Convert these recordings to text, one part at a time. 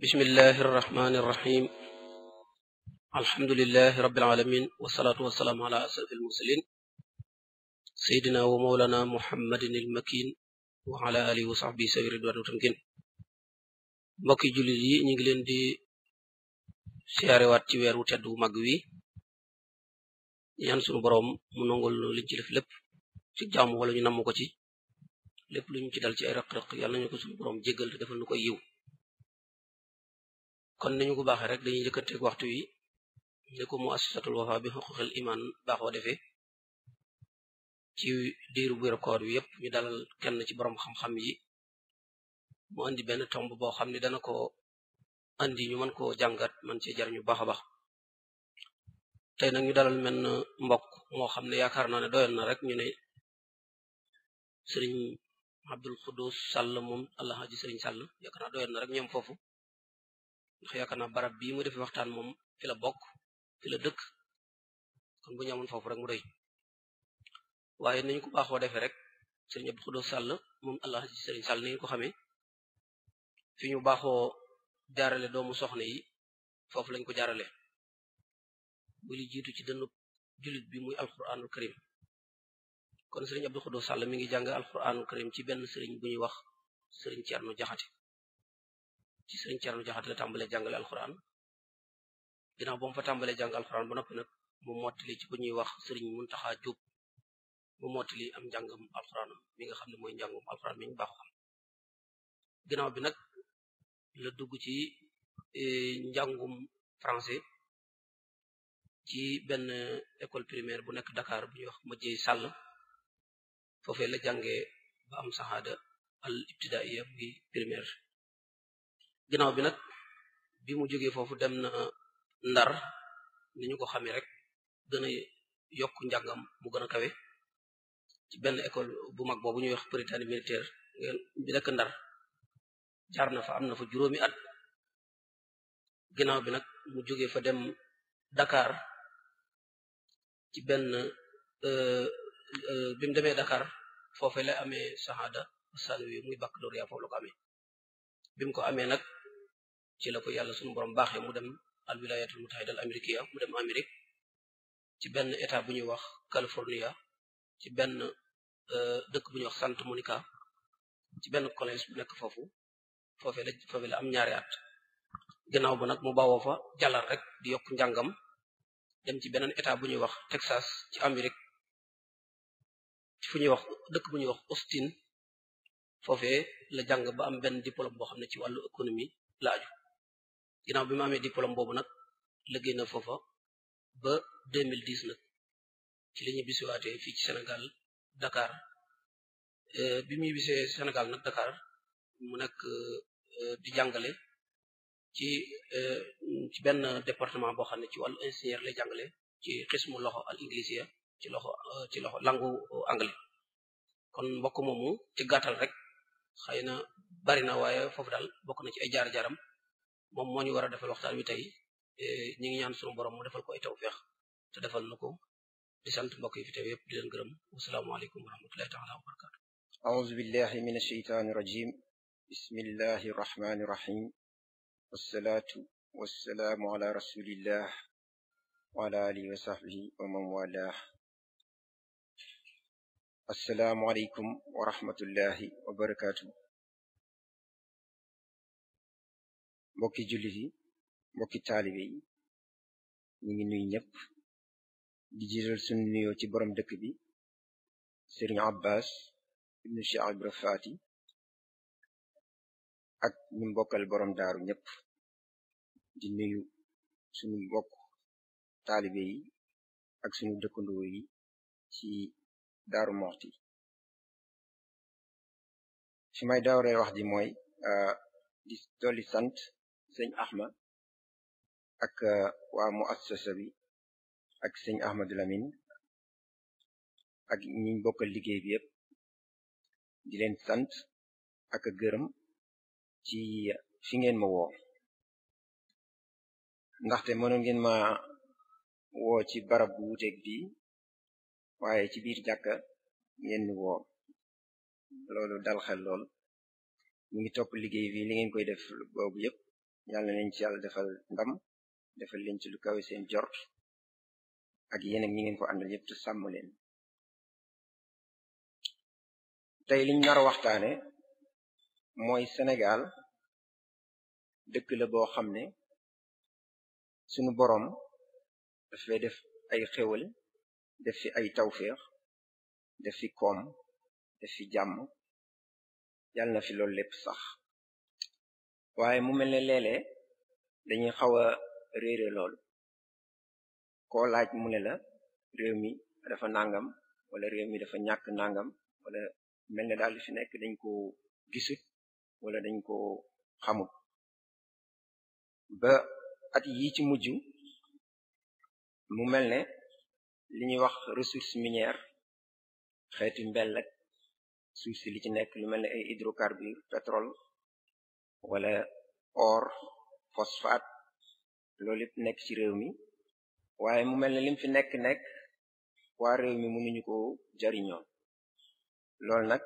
bismillahi irrahmani irrahim alhamdulilahi rabilalamin wasalaatu wasalaamu ala asrafi almursalin sayidina wa mawlana muhammadin ilmakin wa alihi wa sahbi sawi ridwan tamkin mbokki jullit yi ñu ngi leen di siyaarewaat ci weer wu tedd wu màgg wi ñaan sunu boroom mu nongol nu ci def lépp ci jàmm wala ñu namm ko ci lépp luñ ci dal ci ay raq-raq yàlla nañu ko sunu boroom koy yiw kon nañu ko baaxee rek dañuy jëkkanteeg waxtu wi ni ko muassasatul wafa bi xuquqil iman baaxoo defee ci diiru bu record wi yépp ñu dalal kenn ci borom xam-xam yi mu andi benn tomb boo xam ne dana ko andi ñu mën koo jàngat man cee jar ñu baax a baax tey nag ñu dalal mel ne mbokk moo xam ne yaakaar naa ne doyal na rek ñu ne sëriñ Abdul Xudus Sall moom Alhaji sëriñ Sall yaakaar naa na rek ñoom foofu ndax yaakaar naa barab bii mu defee waxtaan moom fi la bokk fi la dëkk kon bu ñu amoon foofu rek mu doy waaye nañ ko baaxoo defe rek sëriñ Abdou Khoudoss Sall moom allah ci Sall ni ko xamee fi ñu baaxoo jaarale doomu soxna yi foofu lañ ko jaarale bu li jiitu ci dënnu jullit bi muy alquranul karim kon sëriñ Abdou Khoudoss Sall mi ngi jàng alquranul karim ci benn sëriñ bu ñuy wax sëriñ Thierno Jaxate ci sëriñ Thierno Diakhaté la tàmbalee jàngale alxuraan ginnaaw ba fa tàmbalee jàng alxuraan ba noppi nag mu mottali ci ku ñuy wax sëriñ Muntaxa Jóob mu mottali am njàngam alxuraan mi nga xam ne mooy njàngum alxuraan mi ñu baaxu bi nag la dugg ci e, njàngum français ci benn école primaire bu nekk Dakar bu ñuy wax Madieye Sall foofee la jàngee ba am saxaada al ibtidaiya bi primaire ginnaaw bi nag bi mu jógee foofu dem na ndar ni ñu ko xamee rek gën a yokk njàngam mu kawe ci benn école bu mag boobu ñuy wax Prytanée militaire bi nekk ndar jaar fa am na fa juróomi at ginnaaw bi nag mu jógee fa dem Dakar ci benn euh, euh, bi mu demee Dakar foofee la amee shahada Salawi muy baccalauréat foofu la ko amee ko amee nag ci la ko yàlla suñu borom baaxee mu dem al wilayatul mutahida al amerikiya mu dem Amérique ci benn état bu ñuy wax California ci benn euh, dëkk bu ñuy wax Santa Monica ci benn collège bu nekk foofu foofee la foofee am ñaari at gannaaw ba nag mu bawoo fa jàllar rek di yokk njàngam dem ci beneen état bu ñuy wax Texas ci Amérique fu ñuy wax dëkk bu ñuy wax Austin foofee la jàng ba am benn diplôme boo xam ne ci wàllu économie la aju ginnaaw bi mu amee diplôme boobu nag liggéey na foofa ba 2010 nag ci la ñu bisiwaatee fii ci Sénégal Dakar euh, bi muy bisee Sénégal nag Dakar mu nekk euh, di jàngale ci euh, ci benn département boo xam ne ci wàllu ingénieur lay jàngale ci xismu loxo al inglisia ci loxo ci loxo langu anglais kon mbokk moomu ci gàttal rek xëy na bari na waaye foofu daal bokk na ci ay jaar-jaaram moom moo ñu war a defal waxtaan wi tey e, ñi ngi ñaan sunu borom mu defal ko ay tawfeex defal na ko di sant mbokk yi fi teew yëpp di leen gërëm wasalaamualeykum wa rahmatullahi taala wa barakatu auzu billahi min asheytaani rajim bismillahi rahmaani rahim wassalaatu wassalaamu ala rasulillah wa ala alihi wa sahbihi wa man walah assalaamu aleykum wa rahmatullahi wa barakatuh mbokki jullit yi mbokki taalibe yi ñu ngi nuy ñëpp di jiital sunu nuyoo ci borom dëkk bi Serigne Abbas ibnu Cheikh Ibra ak ñu mbokkal borom daaru ñëpp di nuyu sunu mbokk taalibe yi ak sunu dëkkandoo yi ci daaru moxti fi may daawree wax ji mooy ah, di dolli sant sëñ Axma ak euh, waa muassasa bi ak sëñ Ahmadu Lamin ak ñiñ bokkal liggéey bi yëpp di leen sant ak gërëm ci fi ngeen ma woo ndaxte mënoon ngeen ma woo ci barab bu wuteeg bi waaye ci biir jàkka ngeen woo loolu dal xel lool ñu ngi topp liggéey bi li ngeen koy def boobu yépp yàlla leen ci yàlla defal ndam defal leen ci lu kawe seen jort ak yéen ak ñi ngeen ko àndal yëpp te sàmm leen tey liñ nar a waxtaane mooy Sénégal dëkk la boo xam ne sunu boroom dafay def ay xéwal def ci ay tawféex def ci koom def ci jàmm yàlla na fi loolu lépp sax waaye mu mel ne léeg-léeg xaw a réere lool koo laaj mu ne la réew mi dafa nangam wala réew mi dafa ñàkk nangam wala mel ne daal li nekk dañ ko gisut wala dañ ko xamut ba at yi ci mujj mu mel ne li ñuy wax ressource minière xeeti mbell ak suuf si li ci nekk lu mel ne ay hydrocarbures pétrole wala or phosphate loolu yëpp nekk ci réew mi waaye mu mel ne lim fi nekk nekk waa réew mi mënuñu ko jariñoo loolu nag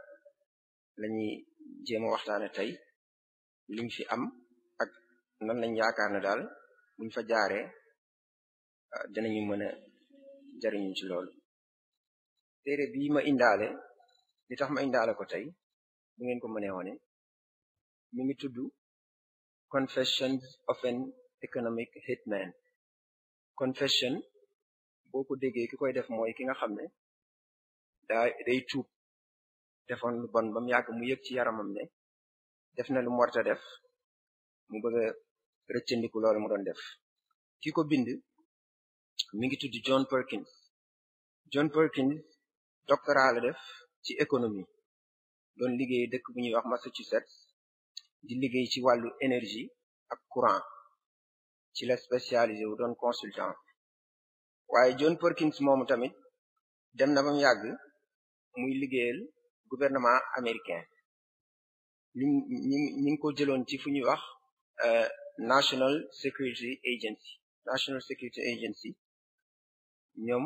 lañuy jéem a waxtaane tey liñ fi am ak nan lañ yaakaar ne daal buñ fa jaaree ah, dinañu mën a jariñu ci loolu téere bii ma indaale li ma indaale ko tey bu ngeen ko mënee wone mi ngi tudd confessions of an economic hitman confession boo ko déggee ki koy def mooy ki nga xam ne daa day tuub defoon lu bon ba mu yàgg mu yëg ci yaramam ne def na lu mu warta def mu bëgg a rëccandiku loolu mu doon def ki ko bind mi ngi tudd John Perkins John Perkins doctorat def ci économie doon liggéey dëkk bu ñuy wax Massachusetts di liggéey ci wàllu énergie ak courant ci la spécialisé wu doon consultant waaye John Perkins moomu tamit dem na ba mu yàgg muy liggéeyal gouvernement américain ñu ñu ngi ko jëloon ci fu ñuy wax euh, National Security Agency National Security Agency ñoom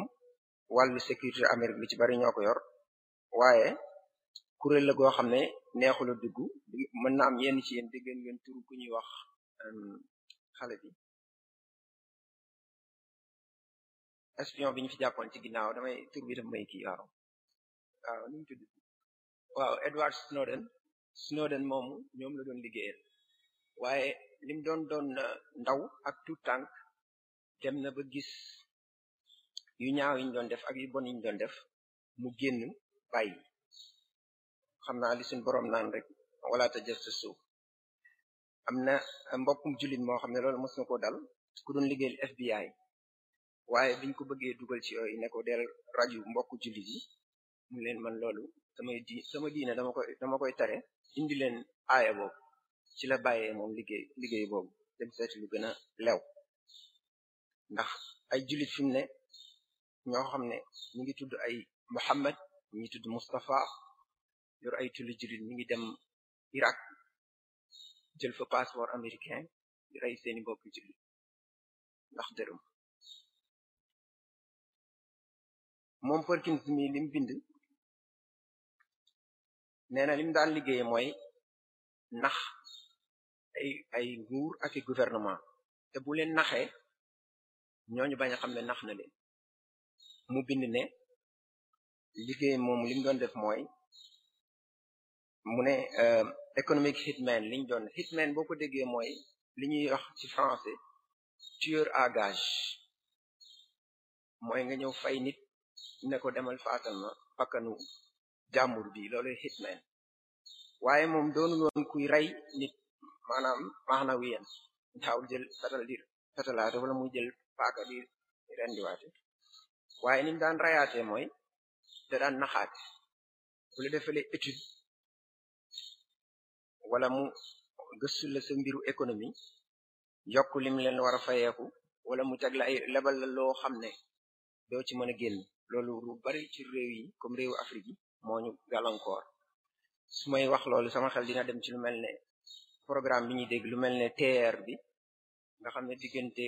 wàllu sécurité Amérique bi ci bari ñoo ko yor waaye kuréel la goo xam ne neexul a dugg mën na am yenn ci yéen dégg ngeen turu ku ñuy wax euh, xale bi espion bi fi jàppoon ci ginnaaw damay tur bi daf may waaw Edward Snowden Snowden moomu ñoom la doon liggéeyal waaye lim doon doon euh, ndaw ak tout tànk dem na ba gis yu ñaaw yi ñu doon def ak yu bon yi ñu doon def mu génn bàyyi xam naa li suñ boroom naan rek wala ta jassasu am na mbokkum jullit moo xam ne loolu mos na ko dal ku doon liggéeyal FBI waaye biñ ko bëggee dugal ci yooyu ne ko del rajo mbokku jullit yi mu leen man loolu samay sama diine dama koy dama koy tare indi leen aaya boobu ci la bàyyee moom liggéey liggéey boobu dem seeti lu gën lew ndax ay jullit fi mu ne ñoo xam ne ñu ngi tudd ay Muhammad ñu ngi tudd Mustafa yor ay tulli jullit ñu ngi dem Irak jël fa passeport américain di rey seeni mbokk jullit ndax dërëm moom Perkins mi bind nee lim daan liggéey mooy nax ay ay nguur ak i gouvernement te bu leen naxee ñooñu bañ a xam ne nax na mu bind ne liggéey moom lim doon def mooy mu ne economic euh, hitman liñ doon hitman boo ko déggee mooy li ñuy wax ci français tueur à gage mooy nga ñëw fay nit ne ko demal faatal ma bakkanu jàmbur bi loolu hitman waaye moom doonul woon kuy rey nit maanaam maanaam wiyan daawul jël fetal di fetalaate wala muy jël paaka di rendiwaate waaye ni mu daan rayaate mooy da daan naxaate bu étude wala mu gëstu la sa mbiru économie yokk lim leen war a fayeeku wala mu teg la ay lebal la loo xam ne doo ci mën a génn loolu lu bari ci réew yi comme réewu Afrique yi moo ñu gàllankoor su may wax loolu sama xel dina dem ci lu mel ne programme bi ñuy dégg lu mel ne TER bi nga xam ne diggante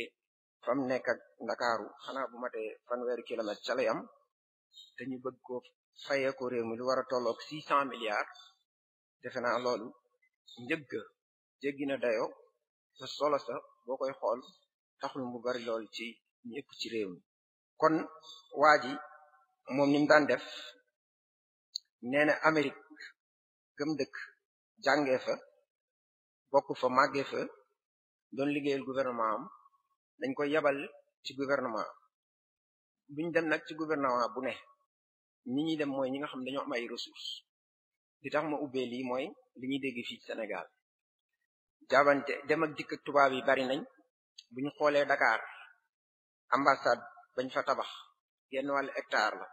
fam nekk ak Ndakaaru xanaa bu matee fanweeri kilomètre ca lay am te bëgg ko fayee réew mi lu war a tolloog six cent milliards defe naa loolu njëgga jéggi na dayo sa solo sa boo koy xool taxul mu bari lool ci ñu ci réew mi kon waa ji moom nim daan def nee na Amérique gëm dëkk jàngee fa bokk fa màggee fa doon liggéeyal gouvernement am dañ koy yabal ci gouvernement buñ dem nag ci gouvernement bu ne ñi ñuy dem mooy ñi nga xam dañoo am ay ressources li tax ma ubbee lii mooy li ñuy dégg fii Sénégal jaabante dem ak dikk tubaab yi bari nañ bu ñu xoolee Dakar ambassade bañ fa tabax genn wàll hectare la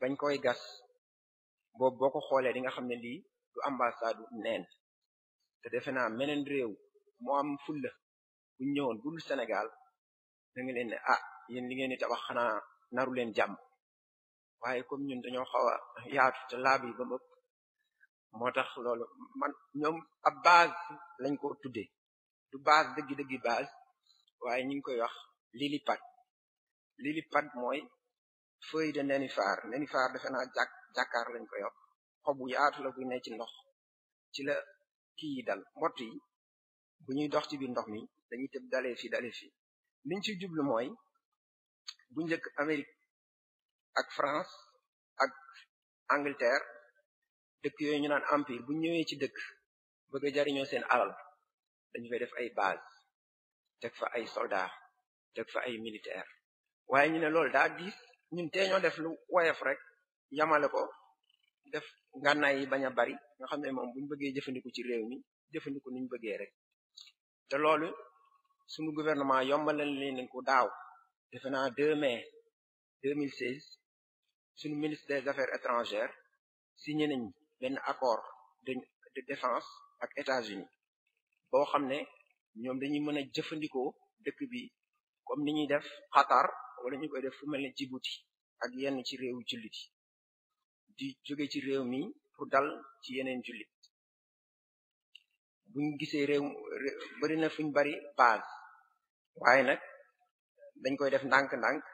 bañ koy gas boobu boo ko xoolee di nga xam ne lii du ambassade neen te defe naa meneen réew moo am fulla bu ñëwoon budul Sénégal da nga leen ne ah yéen li ngeen di tabax xanaa naru leen jàmm waaye comme ñun dañoo xaw a yaatu te laab ba mu moo tax loolu man ñoom ab base lañ ko tuddee du base dëgg-dëggi base waaye ñu ngi koy wax lilipad lilipad mooy feuille de nénuphar nénuphar defe naa jàk jàkkaar lañ koy wax xobu yaatu la bu ne ci ndox ci la kii yi dal mbott yi bu ñuy dox ci biir ndox mi dañuy tëb dalee fi dalee fi liñ ci jublu mooy bu njëkk Amérique ak France ak Angleterre dëkk yooyu ñu naan empire bu ñëwee ci dëkk bëgg jariñoo seen alal dañu fay def ay base teg fa ay soldat teg fa ay militaire waaye ñu ne loolu daa diis ñun tee ñoo def lu woyof rek yamale ko def ngànnaay yi bañ a bari nga xam ne moom buñ bëggee jëfandiku ci réew mi jëfandiku niñ bëggee rek te loolu suñu gouvernement yombalal leen ko daaw defe naa 2 mai 2016 suñu ministre des affaires étrangères signé nañ benn accord de de défense ak États-Unis boo xam ne ñoom dañuy mën a jëfandikoo dëkk bi comme ni ñuy def Qatar wala ñu koy def fu mel ne Djibouti ak yenn ci réewu jullit yi di jóge ci réew mi pour dal ci yeneen jullit buñ gisee réew bari na fuñ bari base waaye nag dañ koy def ndànk-ndànk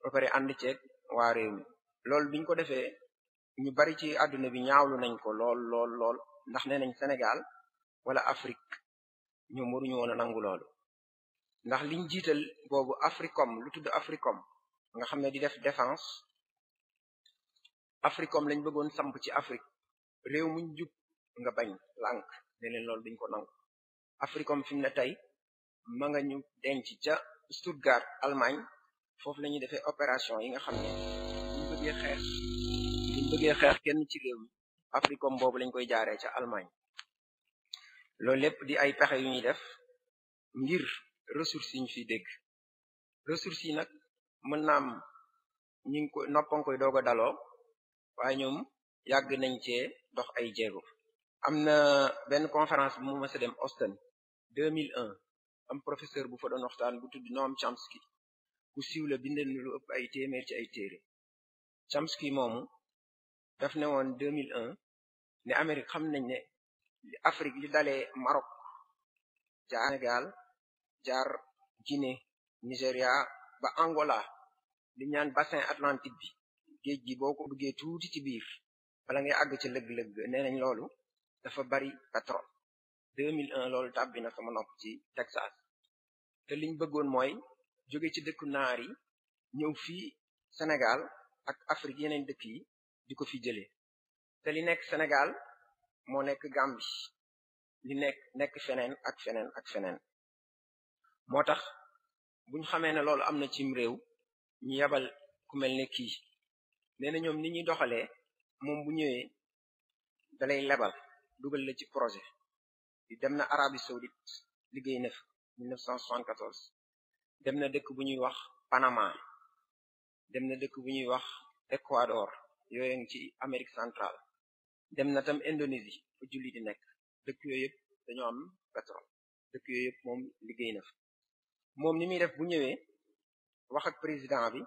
ba pare ànd ceeg wa réew mi loolu biñ ko defee ñu bari ci àdduna bi ñaawlu nañ ko lool lool ndax ne nañ Sénégal wala Afrique ñoom waruñu woon a nangu loolu ndax liñ jiital boobu Africom lu tudd Africom nga xam ne di def défense Africom lañ bëggoon samp ci Afrique réew muñ jub nga bañ lank ne leen loolu duñ ko nangu Africom fi mu ne tey ma nga ñu denc ca Stuttgart Allemagne foofu la defee opération yi nga xam ne ñu bëggee xeex bëggee xeex kenn ci réew mi Africom boobu lañ koy jaaree ca Allemagne loolu lépp di ay pexe yu ñuy def ngir ressources yi ñu fi dégg ressources yi nag mën naam ñi ngi ko noppan koy doog a daloo waaye ñoom yàgg nañ ce dox ay jéego am na benn conférence mu mësa dem Austin 2001 am professeur bu fa doon waxtaan bu tudd Noam Chomsky ku siiw la bind lu ëpp ay téeméer ci ay téere Chomsky moomu daf ne woon 2001 ne Amérique xam nañ ne Afrique li dalee Maroc jaar Sénégal jaar Guinée nigeria ba Angola li ñaan bassin atlantique bi géej gi boo ko duggee tuuti ci biir bala ngay àgg ci lëgg-lëgg nee nañ dafa bari pétrole 2001 loolu tàbbi na Texas te liñ bëggoon mooy jóge ci dëkku naar yi ñëw fii Sénégal ak Afrique yeneen dëkk yi di ko fi jëlee te li nekk Sénégal moo nekk Gambie li nekk nekk feneen ak feneen ak feneen moo tax buñ xamee ne loolu am na cim réew ñu yebal ku mel ne kii nee na ñoom ni ñuy doxalee moom bu ñëwee dalay lebal dugal la ci projet di dem na Arabie Saoudite liggéey na fa na dëkk bu ñuy wax Panama dem na dëkk bu ñuy wax Ecuador yooyu ngi ci Amérique centrale dem na tam Indonésie fu julli di nekk dëkk yooyu yëpp dañoo am pétrole dëkk yooyu yëpp moom liggéey na fa moom ni muy def bu ñëwee wax ak président bi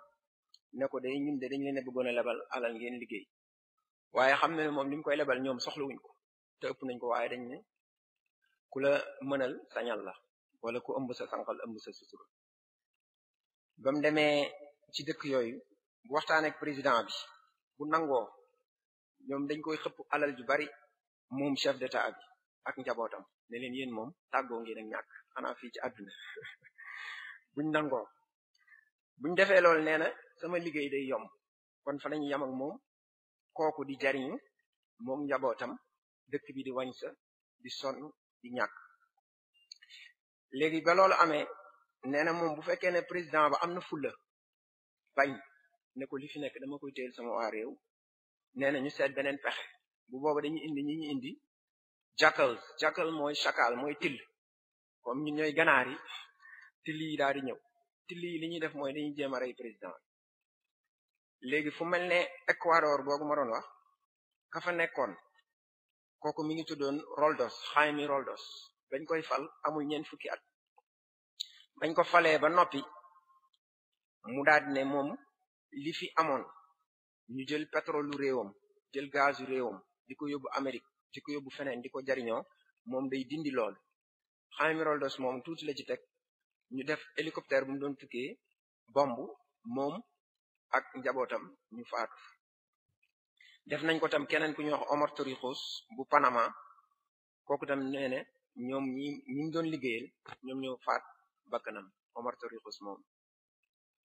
ne ko day ñun de dañ leen a bëggoon a lebal alal ngeen liggéey waaye xam na ne moom li koy lebal ñoom soxlawuñ ko te ëpp nañ ko waaye dañ ne ku la mënal sañal la wala ku ëmb sa sànqal ëmb sa sutura demee ci dëkk yooyu bu waxtaan président bi bu nangoo ñoom dañ koy xëpp alal ju bari moom chef d'état bi ak njabootam ne leen yéen moom tàggoo ngeen ak ñàkk xanaa fii ci àdduna buñ nangoo buñ defee lool nee na sama liggéey day yomb kon fa lañu yam ak moom kooku di jariñu moom njabootam dëkk bi di wañ di son di ñàkk léegi ba loolu amee nee na moom bu fekkee ne président ba am na fulla bañ ne li fi nekk dama koy téyel sama waa réew nee na ñu seet beneen pexe bu booba dañuy indi ñi indi jackal jackal mooy chacal mooy till comme ñun ñooy ganaar yi till yi daal di ñëw till yi li ñuy def mooy dañuy jéem a rey président léegi fu mel ne Ecuador boogu ma doon wax ka fa nekkoon kooku mi ngi tuddoon Roldos Jaime Roldos bañ koy fal amul ñeent fukki at bañ ko falee ba noppi mu daal di li fi amoon ñu jël pétrole lu réewam jël gaz yu réewam di ko yóbbu Amérique di ko yóbbu feneen di ko jariñoo moom day dindi lool Jaime Roldos moom tuuti la ci teg ñu def hélicoptère bu mu doon tukkee bomb moom ak njabootam ñu faatu def nañ ko tam keneen ku ñuy wax Omar Torrijos bu Panama kooku tam nee ñoom ñi ñi doon liggéeyal ñoom ñoo faat bakkanam Omar Torrijos moom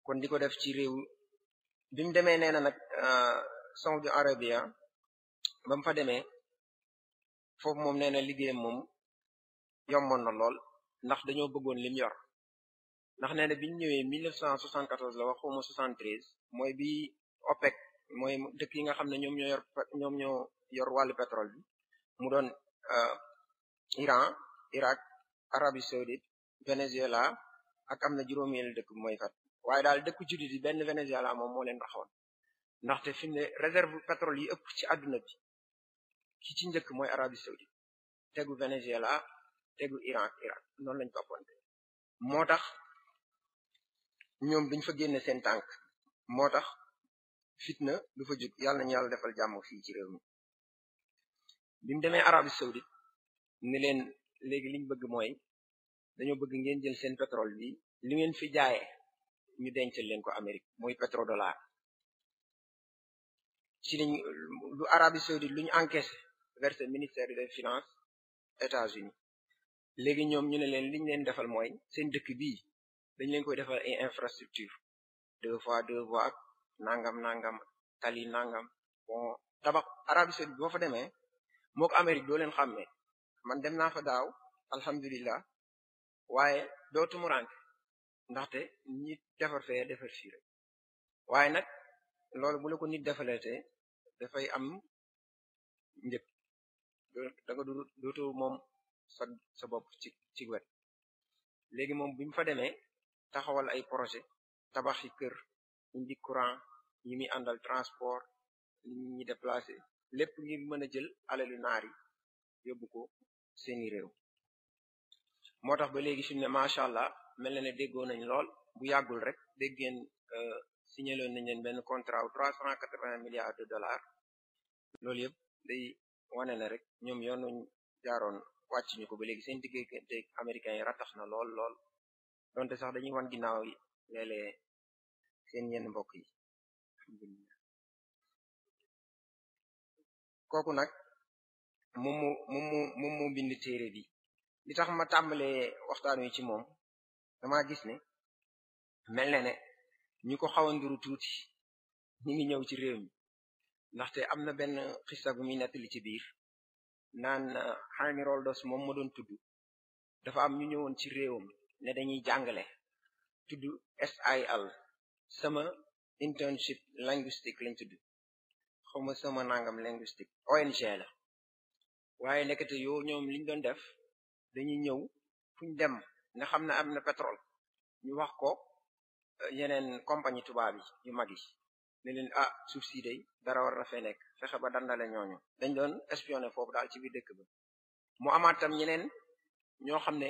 kon di def ci réew bi mu demee nee na nag euh, Saudi Arabia ba mu fa demee foofu moom nee na liggéeyam moom yomboon na lool ndax dañoo bëggoon lim yor ndax nee na bi ñëwee 1974 la wax xawma 73 mooy bi OPEC mooy dëkk yi nga xam ne ñoom yor ñoom ñoo wàllu pétrole bi mu doon euh, Iran Irak Arabie Saoudite Venezuela ak am na juróomeelu dëkk mooy fat waaye daal dëkku jullit yi benn Venezuela moom moo leen raxoon ndaxte fi mu ne yi ëpp ci àdduna bi ki ci njëkk mooy Arabie saoudite tegu Venezuela tegu Iran ak Irak lañ toppante moo tax ñoom duñ fa génne seen tànk moo tax fitna du fa jug yàlla nañu yàlla defal jàmm fii ci réew mi bi demee Arabie saoudite ni leen léegi liñ bëgg mooy dañoo bëgg ngeen jël seen pétrole bi li ngeen fi jaayee ñu dencal leen ko Amérique muy pétrodollar ci lañ lu Arabie saoudite lu ñu encaissé versé ministère des finances États-Unis léegi ñoom ñu ne leen liñ leen defal mooy seen dëkk bii dañ leen koy defal ay infrastructure deux fois deux voies nangam nangam tali nangam o tabax Arabie saoudite boo fa demee moo ko Amérique doo leen xàmmee man dem naa fa daaw alhamdulilah waaye doo tumuranke ndaxte nit defar fee defar fii rek waaye nag loolu bu la ko nit defalete dafay am njëg da nga dootu moom sa sa bopp ci ci wet léegi moom bi mu fa demee taxawal ay projet tabaxi kër indi courant ñi muy àndal transport ñi ñi déplacé lépp ngir mën a jël alalu naar yi yóbbu ko seeni moo tax ba léegi suñu ne macha allah mel na ne déggoo nañ lool bu yàggul rek dégg ngeen euh, signaloon nañ leen benn contrat wu trois cent quatre-vingts milliards de dollars loolu yëpp day wane ne rek ñoom yoonuñ jaaroon wàcc ñu ko ba léegi seen diggante américains yi rattax na lool lool donte sax dañuy wan ginnaaw yi léeg-léeg seen yenn mbokk yi kooku nag moom mu moom mu moom mu bind téere ma tàmbalee waxtaan wi ci moom dama gis ne mel na ne ñi ko xaw a nduru ñu ngi ñëw ci réew mi ndaxte am na benn xista gu muy nettali ci biir naan uh, Jaime Roldos moom ma doon tudd dafa am ñu ñëwoon ci réewam ne dañuy jàngale tudd SIL sama internship linguistique lañ tudd xawma sama nangam linguistique ONG la waaye nekkate yoo ñoom liñ doon def dañuy ñëw fuñ dem nga xam ne am na pétrole ñu wax ko euh, yeneen compagnie tubaab yi yu mag yi ne leen ah suuf si day dara war dafay nekk fexe ba dandale ñooñu dañ doon espionné foofu daal ci biir dëkk ba mu amaat tam ñeneen ñoo xam ne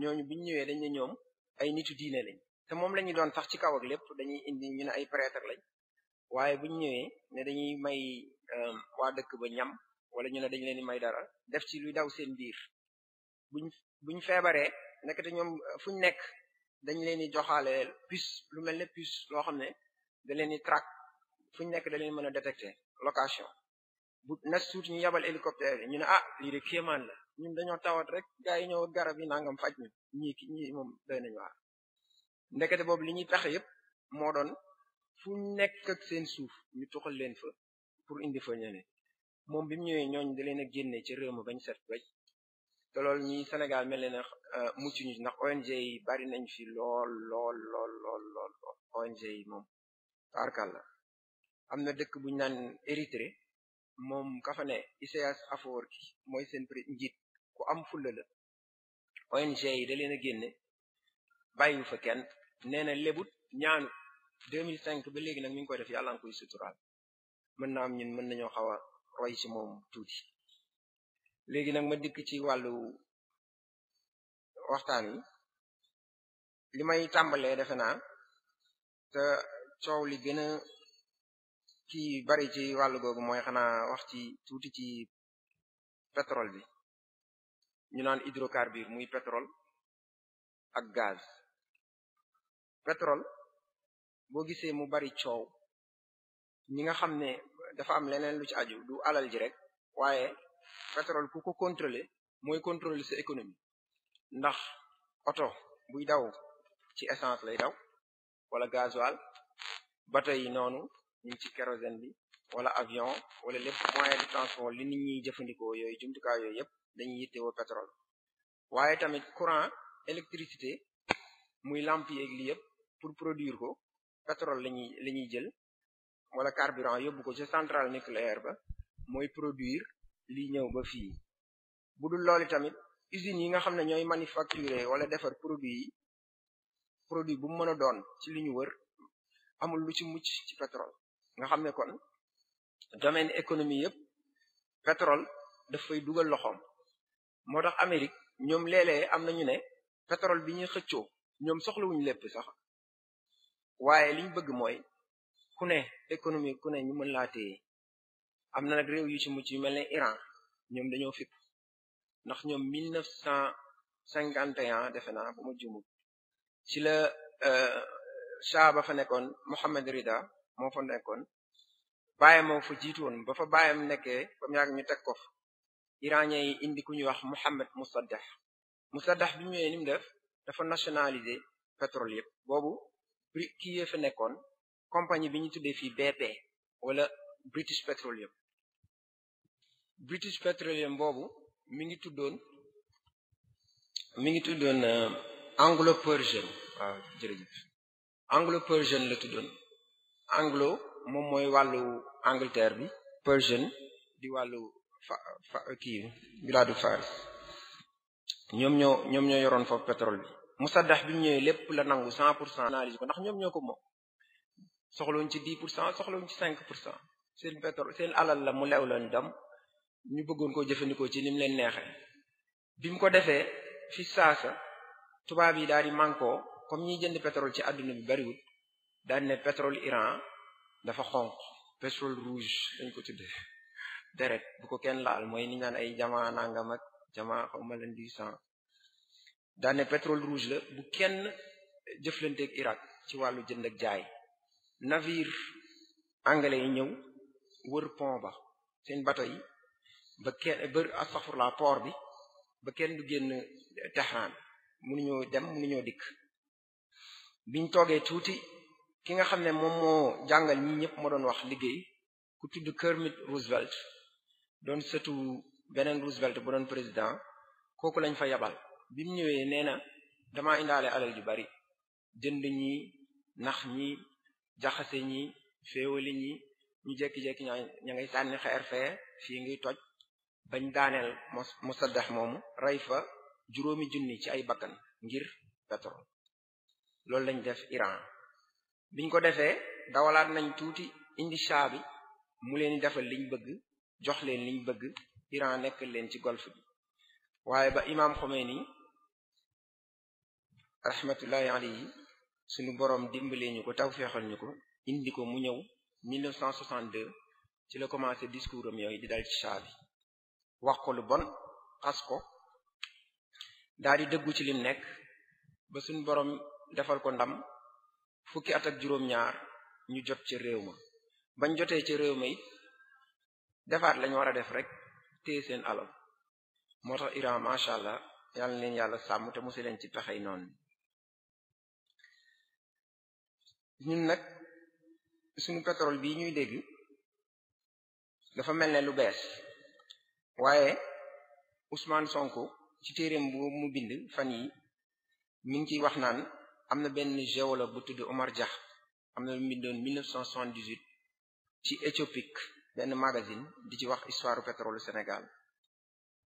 ñooñu biñ ñëwee dañ ne ñoom ay nitu diine lañ te moom la ñu doon sax ci kaw ak lépp dañuy indi ñu ay prêtre lañ waaye buñ ñëwee ne dañuy may euh, waa dëkk ba ñam wala ñu ne dañ leen di may dara def ci luy daw seen biir buñ feebaree nekkati ñoom euh, fu ñu nekk dañ leen di joxaale puce lu mel ne puce loo xam ne da leen di track fu ñu nekk da leen mën a détecter location bu nas tuuti ñu yabal hélicoptère ñu ne a ah, lii de kéemaan la ñun dañoo tawat rek gaa yi ñëw garab yi nangam faj ñu ñii ki ñii moom doy nañu waar ndekete boobu li ñuy pexe yëpp moo doon fu nekk seen suuf ñu tuxal leen fa pour indi fa ñeneen moom bi mu ñëwee ñooñu da leen a ci réew mi bañ set wécc te loolu ñi Sénégal mel ne euh, mucc ñu ndax ONG yi bari nañ fi lool lool lool lool ONG yi moom taarkal la am na dëkk buñu naan Érythrée moom ka fa ne Isaias Afwerki mooy seen pré njiit ku am fulla la ONG yi da leen a génne bàyyiwu fa kenn nee na lebut ñaanu 2005 ba léegi nag mi koy def yàlla nga koy suturaal mën na am ñun mën nañoo xaw a roy ci moom tuuti léegi nag ma dikk ci wàllu waxtaan wi li may tàmbalee defe naa te coow li gën a kii bari ci wàllu googu mooy xanaa wax ci tuuti ci petrol bi ñu naan hydrocarbure muy pétrole ak gaz pétrole boo gisee mu bari coow ñi nga xam ne dafa am leneen lu ci aju du alal ji rek waaye pétrole ku ko contrôler mooy contrôler sa économie ndax oto buy daw ci essence lay daw wala gasoil bateau yi noonu ñu ci kérosène bi wala avion wala lépp moyen de transport li nit ñi jëfandikoo yooyu jumtukaay yooyu yëpp dañuy yittewoo pétrole waaye tamit courant électricité muy lampe yeeg li yëpp pour produire ko pétrole lañuy la ñuy jël wala carburant yóbbu ko ci centrale nucléaire ba mooy produire li ñëw ba fii bu dul loolu tamit usines yi nga xam ne ñooy manufacturer wala defar produit produit bu mu mën a doon ci li ñu wër amul lu ci mucc ci pétrole nga xam ne kon domaine économie yëpp pétrole daf fay dugal loxoom moo tax Amérique ñoom léeg-léeg am na ñu ne pétrole bi ñuy xëccoo ñoom soxlawuñu lépp sax waaye liñ bëgg mooy ku ne economie ku ne ñu mën laa téye am na nag réew yu ci mucc yu mel ne Iran ñoom dañoo fipp ndax ñoom mille neuf cent cinquante et un defe naa bu ma jumul la la euh, Shah ba fa nekkoon Mohammed Rida moo fa nekkoon bàyyam moo fa jiitu woon ba fa bàyyam nekkee comme yaag ñu teg ko fa iranien yi indi ku ñuy wax Mohammed Mossadegh Mossadegh bi mu ñëwee ni mu def dafa nationaliser pétrole yëpp boobu kii fa nekkoon compagnie bi ñu tuddee fii BP wala British Petroleum British Petroleum boobu mi ngi tuddoon mi ngi tuddoon euh, Anglo Persian waaw jërëjëf Anglo Persian la tuddoon Anglo moom mooy wàllu Angleterre bi jeune di wàllu fa fa kii bilaadu Faris ñoom ñoo ñoom ñoo yoroon foofu pétrole bi Musaddah bi ñëwee lépp la nangu 100 pour cent analyse ko ndax ñoom ñoo ko moom soxlawuñ ci 10 pour cent soxlawuñ ci pour cent seen pétrole seen alal la mu lew lañ dem ñu bëggoon koo jëfandikoo ci ni leen neexee bim ko defee fi saasa tubaab yi daal di mànkoo comme ñiy jënd pétrole ci àdduna bi bariwul daal ne pétrole Iran dafa xonq pétrole rouge dañ ko tuddee deret bu ko kenn laal mooy ni naan ay jamaa nangam ak jamaa xaw ma leen di sang daal pétrole rouge la bu kenn jëflanteeg Irak ci wàllu jënd ak jaay navire anglais yi ñëw wër pont ba seen bateau ba kenn ba astaghfirullah port bi ba kenn du génn Tehran mënuñoo dem mënuñoo dikk biñ toogee tuuti ki nga xam ne moom moo jàngal ñi ñëpp moo doon wax liggéey ku tudd Kermit Roosevelt doon sëtu beneen Roosevelt bu doon président kooku lañ fa yabal bi mu ñëwee nee na damaa indaale alal ju bari jënd ñi nax ñi jaxase ñi féewali ñi ñu jekki-jekki ña ña ngay sànni xeer fee fii ngay bañ daaneel musaddax moomu rey fa juróomi junni ci ay bakkan ngir pétrole loolu lañ def Iran biñ ko defee dawalaat nañ tuuti indi Shah mu leen defal liñ bëgg jox leen liñ bëgg Iran nekk leen ci golfe bi waaye ba imaam Khomeini rahmatullahi alayhi suñu boroom dimbalee ñu ko tawféexal ñu ko indi ko mu ñëw 1962 ci la commencé discours am yooyu di dal ci Shah wax ko lu bon xas ko di dëggu ci lim nekk ba suñ borom defal ko ndam fukki at ak juróom-ñaar ñu jot ci réew ma bañ jotee ci réew ma it defaat lañ war a def rek téye seen alal moo tax Iran macha allah yàlla leen yàlla sàmm te musi leen ci pexey noonu ñun nag suñu pétrole bii ñuy dégg dafa mel ne lu bees waaye Ousmane Sonko ci téereem bu mu bind fan yi mi ngi ciy wax naan am na benn géologue bu tudd Omar Jah am na lu mu bindoon 1978 ci Éthiopique benn magazine di ci wax histoire pétrole Sénégal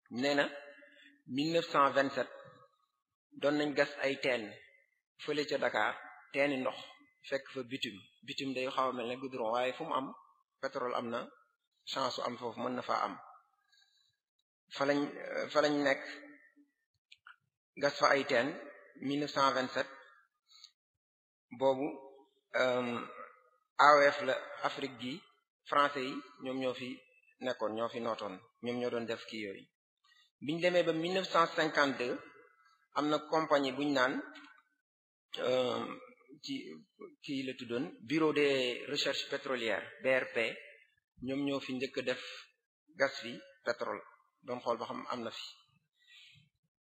nee na 1927 doon nañ gas ay teen fële ca Dakar teeni ndox fekk fa bitume bitume day xaw a mel waaye fu mu am pétrole am na chance am foofu mën na faa am fa lañ fa lañ nekk gas fa ay teen 1927 boobu euh, AOF la Afrique gi français yi ñoom ñoo fi nekkoon ñoo fi nootoon ñoom ñoo doon def kii yooyu biñ demee ba 1952 am na compagnie buñ naan euh, ci kii la tuddoon bureau des recherches pétrolière BRP ñoom ñoo fi njëkk def gas fi pétrole doon xool ba xam am na fi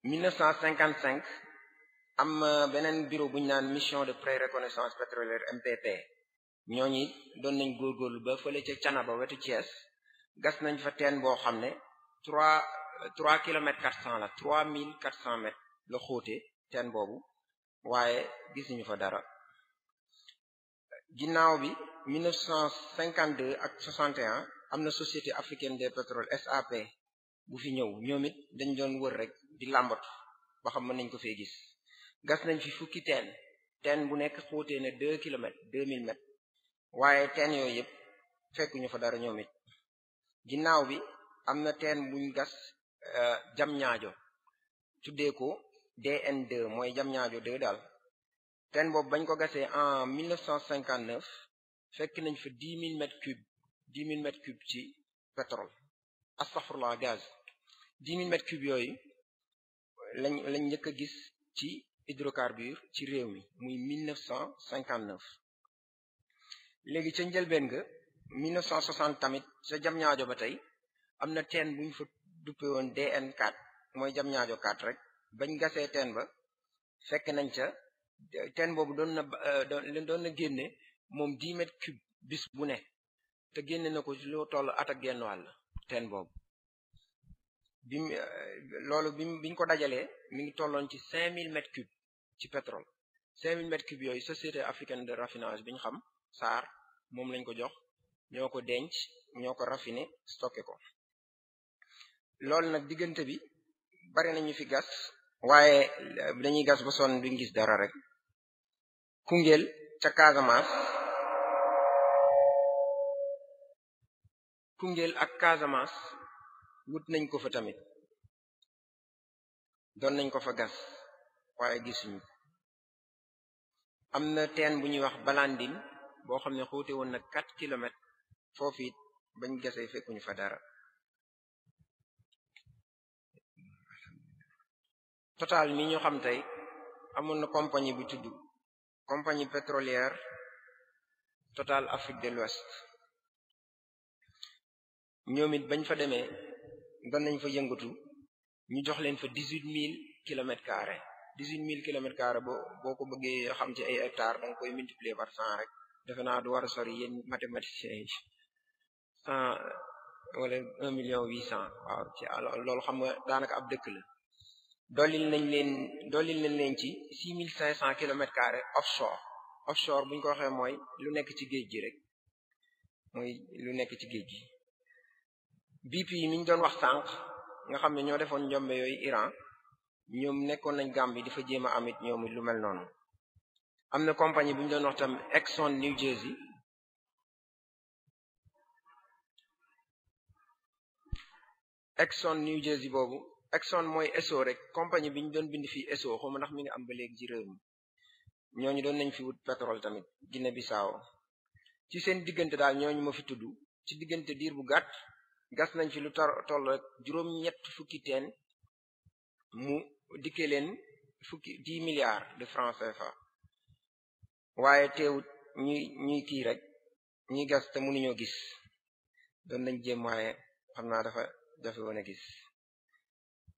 1955 am beneen bureau bu naan mission de pré-reconnaissance pétrolière MPP ñooñi doon nañ góorgóorlu ba fële ca Canaba wetu Thiès gas nañ fa teen boo xam ne trois trois kilomètres quatre cent la trois mille quatre cent mètres la xóote teen boobu waaye gisuñu fa dara ginnaaw bi 1952 ak 61 am na société africaine des pétroles SAP bu fi ñëw ñoom dañ doon wër rek di làmbatu ba xam ma nañ ko fee gis gas nañ fi fukki teen teen bu nekk xóotee ne deux kilomètres deux mille waaye teen yooyu yëpp ñu fa dara ñoom it ginnaaw bi am na teen buñ gas euh, jam ñaajo tuddee ko DN2 mooy jam ñaajo 2 daal teen boobu bañ ko gasee en 1959 fekk nañ fa 10 000 mètres cubes 10 000 mètres cubes ci pétrole astaghfirullah gaz dix mille mètres yooyu lañ lañ njëkk a gis ci hydrocarbure ci réew mi muy mille léegi ca njëlbeen ga mille neuf tamit ca jam ñaajo ba tey am na teen bu ñu fa duppe woon mooy jam ñaajo 4 rek bañ gasee teen ba fekk nañ ca teen boobu doon na euh, doon na génne moom dix mètres cubes bis bu ne te génne na ko ci loo toll at ak genn wàll teen boobu biñ mu loolu bi ko dajalee mi ngi tolloon ci 5000 mètres cubes ci pétrole 5000 mètres cubes yooyu société africaine de raffinage bi ñu xam SAR moom lañ ko jox ñoo ko denc ñoo ko raffiné stocké ko loolu nag diggante bi bari nañu fi gas waaye dañuy gas ba sonn duñ gis dara rek Koungheul ca Casamance Koungheul ak Casamance wut nañ ko fa tamit doon nañ ko fa gas waaye gisuñu am na teen bu ñuy wax Balandine boo xam ne xuute woon na 4 kilomètres foofu it bañ gasee fekkuñu fa dara total mi ñu xam tey amoon na compagnie bu tudd compagnie pétrolière Total Afrique de l'Ouest ñoom bañ fa demee doon nañ fa yëngatu ñu jox leen fa dix-huit mille kilomètres carrés dix-huit mille kilomètres carrés boo boo ko bëggee xam ci ay hectares da nga koy multiplier par cent rek defe naa du war a sori yéen mathématiciens yi cent wala un million huit cent waaw ci alors loolu xam nga daanaka ab dëkk la dollil nañ leen dollil nañ leen ci six mille cinq cent kilomètres carrés offshore offshore bu ñu ko waxee mooy lu nekk ci géej gi rek mooy lu nekk ci géej gi BP yi mi ñu doon wax sànq nga xam ne ñoo defoon njombe yooyu Iran ñoom nekkoon nañ Gambie dafa jéem a amit ñoom lu mel noonu am na compagnie bu doon wax tam Exxon New Jersey Exxon New Jersey boobu Exxon mooy ESSO rek compagnie bi ñu doon bind fii ESSO xawma ndax mi nga am ba léegi ci réew mi ñooñu doon nañ fi wut pétrole tamit Guinée Bissau ci seen diggante daal ñooñu ma fi tudd ci diggante diir bu gàtt gas nañ ci lu tar toll rek juróom ñett fukki teen mu dikke leen fukki dix milliards de francs CFA waaye teewut ñuy ñuy kii rek ñuy gas te mënuñoo gis doon nañ jéem waaye xam naa dafa jafe woon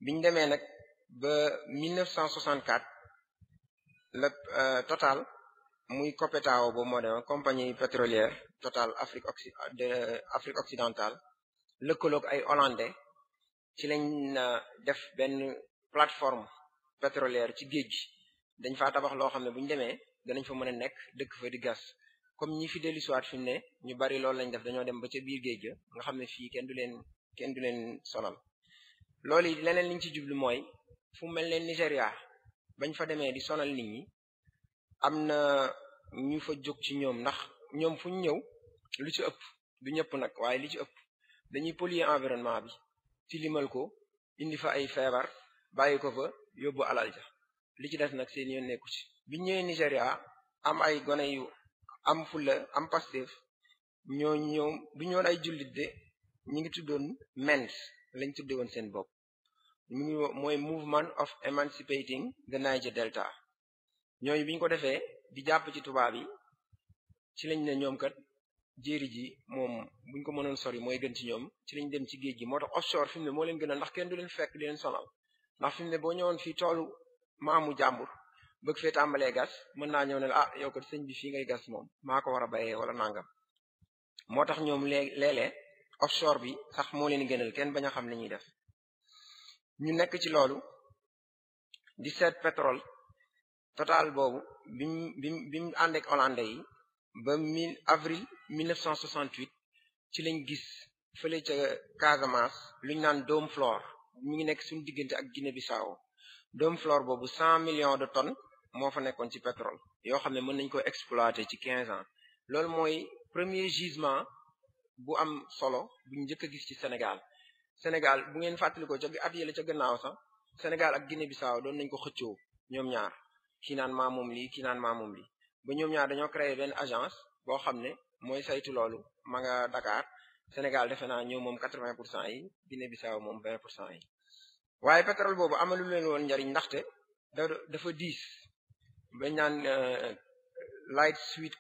biñ demee nag ba 1964 la euh, Total muy Copetao boobu moo demoon compagnie pétrolière Total Afrique Occ Afrique occidentale lëkkaloog ay hollandais ci lañ def benn plateforme pétrolière ci géej gi dañ faa tabax loo xam ne bu demee danañ fa mën a nekk dëkk fa di gas comme ñi fi dellu siwaat fi mu ne ñu bari loolu lañ def dañoo dem ba ci biir géej ga nga xam ne fii kenn du leen kenn du leen sonal loolu leneen liñ ci jublu mooy fu mel ne Nigéria bañ fa demee di sonal nit am na ñu fa jóg ci ñoom ndax ñoom fu ñu ñëw lu ci ëpp du ñëpp nag waaye li ci ëpp dañuy polluer environnement bi limal ko indi fa ay feebar bàyyi ko fa yóbbu alal ja li ci des nag seen yoon nekku ci bi ñëwee Nigéria am ay gone yu am fulla am Pastef ñoo ñëw du ñoon ay jullit de ñi ngi tuddoon MENS lañ tudde woon seen bopp ñu ngi mooy Movement of Emancipating the Niger Delta ñooñu biñ ko defee di jàpp ci tubaab yi ci lañ ne ñoom kat jéeri ji moom buñ ko mënoon sori mooy gën ci ñoom ci lañ dem ci géej gi moo tax offshore fi ne moo leen gënal ndax kenn du leen fekk di leen sonal ndax fi ne boo ñëwoon fii toolu maamu jàmbur bëgg fee tàmbalee gas mën naa ñëw ne ah yow ko sëñ bi fii ngay gas moom maa ko war a bayee wala nangam moo tax ñoom le léeg offshore bi sax moo leen gënal kenn bañ a xam li ñuy def ñu nekk ci loolu di seet pétrole total boobu bi mu bi mu ànd yi ba mille avril 1968 ci lañ gis fële ca Casamance luñ naan Dôme Flore mi ngi nekk suñu diggante ak Guinée-Bissau Dôme Flore boobu cent million de tonne moo fa nekkoon ci pétrole yoo xam ne mën nañ ko exploité ci 15 ans loolu mooy premier gisement bu am solo buñ njëkk a gis ci Sénégal Sénégal bu ngeen fàttali ko ca at yële ca gannaaw sax Sénégal ak Guinée-Bissau doon nañ ko xëccoo ñoom ñaar ki naan maa moom lii kii naan maa moom lii ba ñoom ñaar créer benn agence boo xam ne mooy saytu loolu ma nga Dakar Sénégal defe naa ñëw moom 80 pour cent yi Guinée Bissau moom 20 pour cent yi waaye pétrole boobu amalu leen woon njariñ ndaxte dafa diis ba ñaan euh, light sweet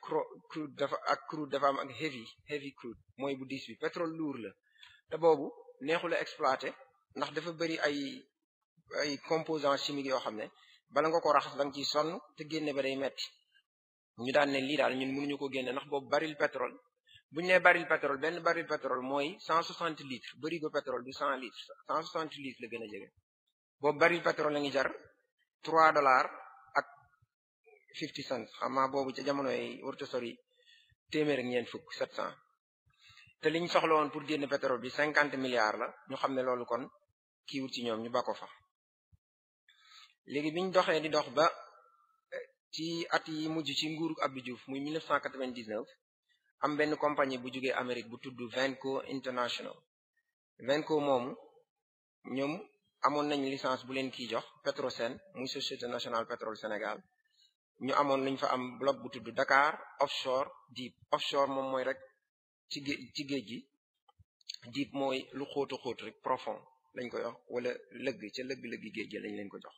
crude dafa ak crude dafa am ak heavy heavy crude mooy bu diis bi pétrole lour la te boobu neexula exploité ndax dafa bëri ay ay composants chimiques yoo xam ne bala nga ko raxas da nga ciy sonn génne ba day metti ñu daan ne lii daal ñun mënuñu ko génne ndax boobu baril pétrole bu ñu nee baril pétrole benn baril pétrole mooy 160 litres barigo pétrole du litres la gën a jege boobu baril pétrole la ngi jar 3 dollars ak 50 cents xam nga boobu ca jamono yi warta sori fuk ak ñeent fukk 700 te liñ soxla woon pour génn pétrole bi 50 milliards la ñu xam ne loolu kon kii wut ci ñoom ñu bako fa léegi biñ doxee di dox ba ci at yi mujj ci nguuru Abdou Diouf muy 1999 am benn compagnie bu jógee Amérique bu tudd Venco International Venco moomu ñoom amoon nañ licence bu leen kii jox Petrosen muy société national pétrole Sénégal ñu amoon luñ fa am bloc bu tudd Dakar offshore deep offshore moom mooy rek ci géej ci géej gi deep mooy lu xóotu xóotu rek profond lañ ko jox wala lëgg ca lëgg-lëgg géej lañ leen ko jox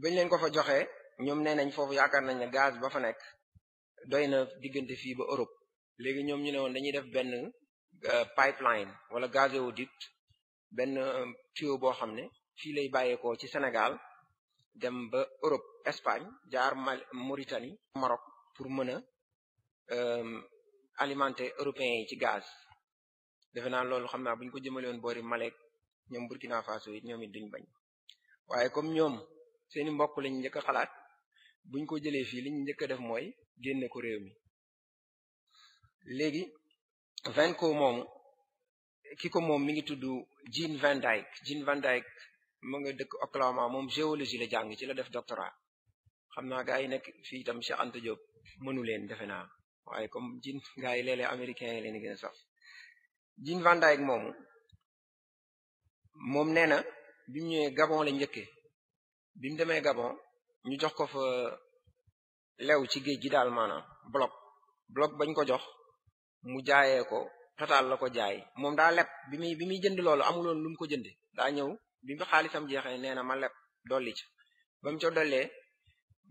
bañ leen ko fa joxee ñoom nee nañ foofu yaakaar nañ ne gaz ba fa nek doy na diggante fii ba Europe léegi ñoom ñu ne woon dañuy def benn euh, pipeline wala gazoduc benn euh, tuyau boo xam ne fii lay bàyyeekoo ci senegal dem ba Europe Espagne jaar Mauritanie Maroc pour mën a euh, alimenter européens yi ci gaz defe naa loolu xam naa buñ ko jëmale woon boori Malek ñoom Burkina Faso it ñoom it duñ bañ waaye comme ñoom seeni mbokk lañ njëkk a xalaat buñ ko jëlee fii li ñu njëkk a def mooy génne ko réew mi léegi Venco moomu ki ko moom mi ngi tudd Jean Van Dyke Jean Van Dyke mu nga dëkk Oklahoma moom géologie la jàng ci la def doctorat xam naa gaa yi nekk fii si Cheikh Anta Diop mënu leen defe naa waaye comme Jean gaa yi léeg-léeg américain yi leen saf Jean Van Dyke moomu moom nee na bi ñëwee Gabon la njëkkee bi mu demee Gabon ñu jox ko fa lew ci géej gi daal maanaam bloc bloc bañ ko jox mu jaayee ko total la ko jaay moom daa leb bi muy bi muy jënd loolu amuloon lu ko jënde daa ñëw bi mu xaalisam jeexee nee na ma leb dolli ci ba mu ca dollee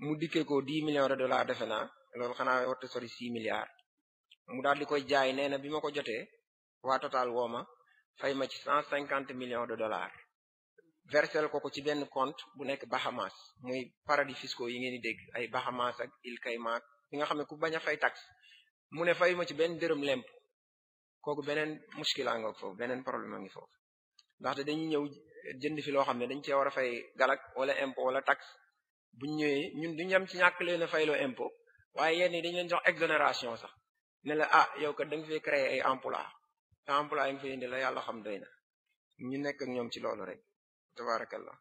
mu dikkee ko dix millions de dollars defe naa loolu xanaa warta sori six milliards mu daal di koy jaay nee na bi ma ko jotee waa total wooma fay ma ci cent cinquante million de dollars versel ko ko ci benn conte bu nekk Bahamas muy paradis fiscaux yi ngeen di dégg ay Bahamas ak Îles Caïmans yi nga xam ne ku bañ a fay taxe mu ne fay ma ci benn dërëm lemp kooku beneen muskilaa nga foofu beneen problème a ngi foofu ndaxte dañuy ñëw jënd fi loo xam ne dañ cee war a fay galak wala impo wala taxe buñ ñëwee ñun duñ yem ci ñàkk leen a fayloo impôt waaye yenn yi dañ leen jox exonération sax ne la ah yow kat da nga fee créer ay emploi te emploi yi nga fay indi la yàlla xam doy na ñu nekk ak ñoom ci loolu rek tabarakallah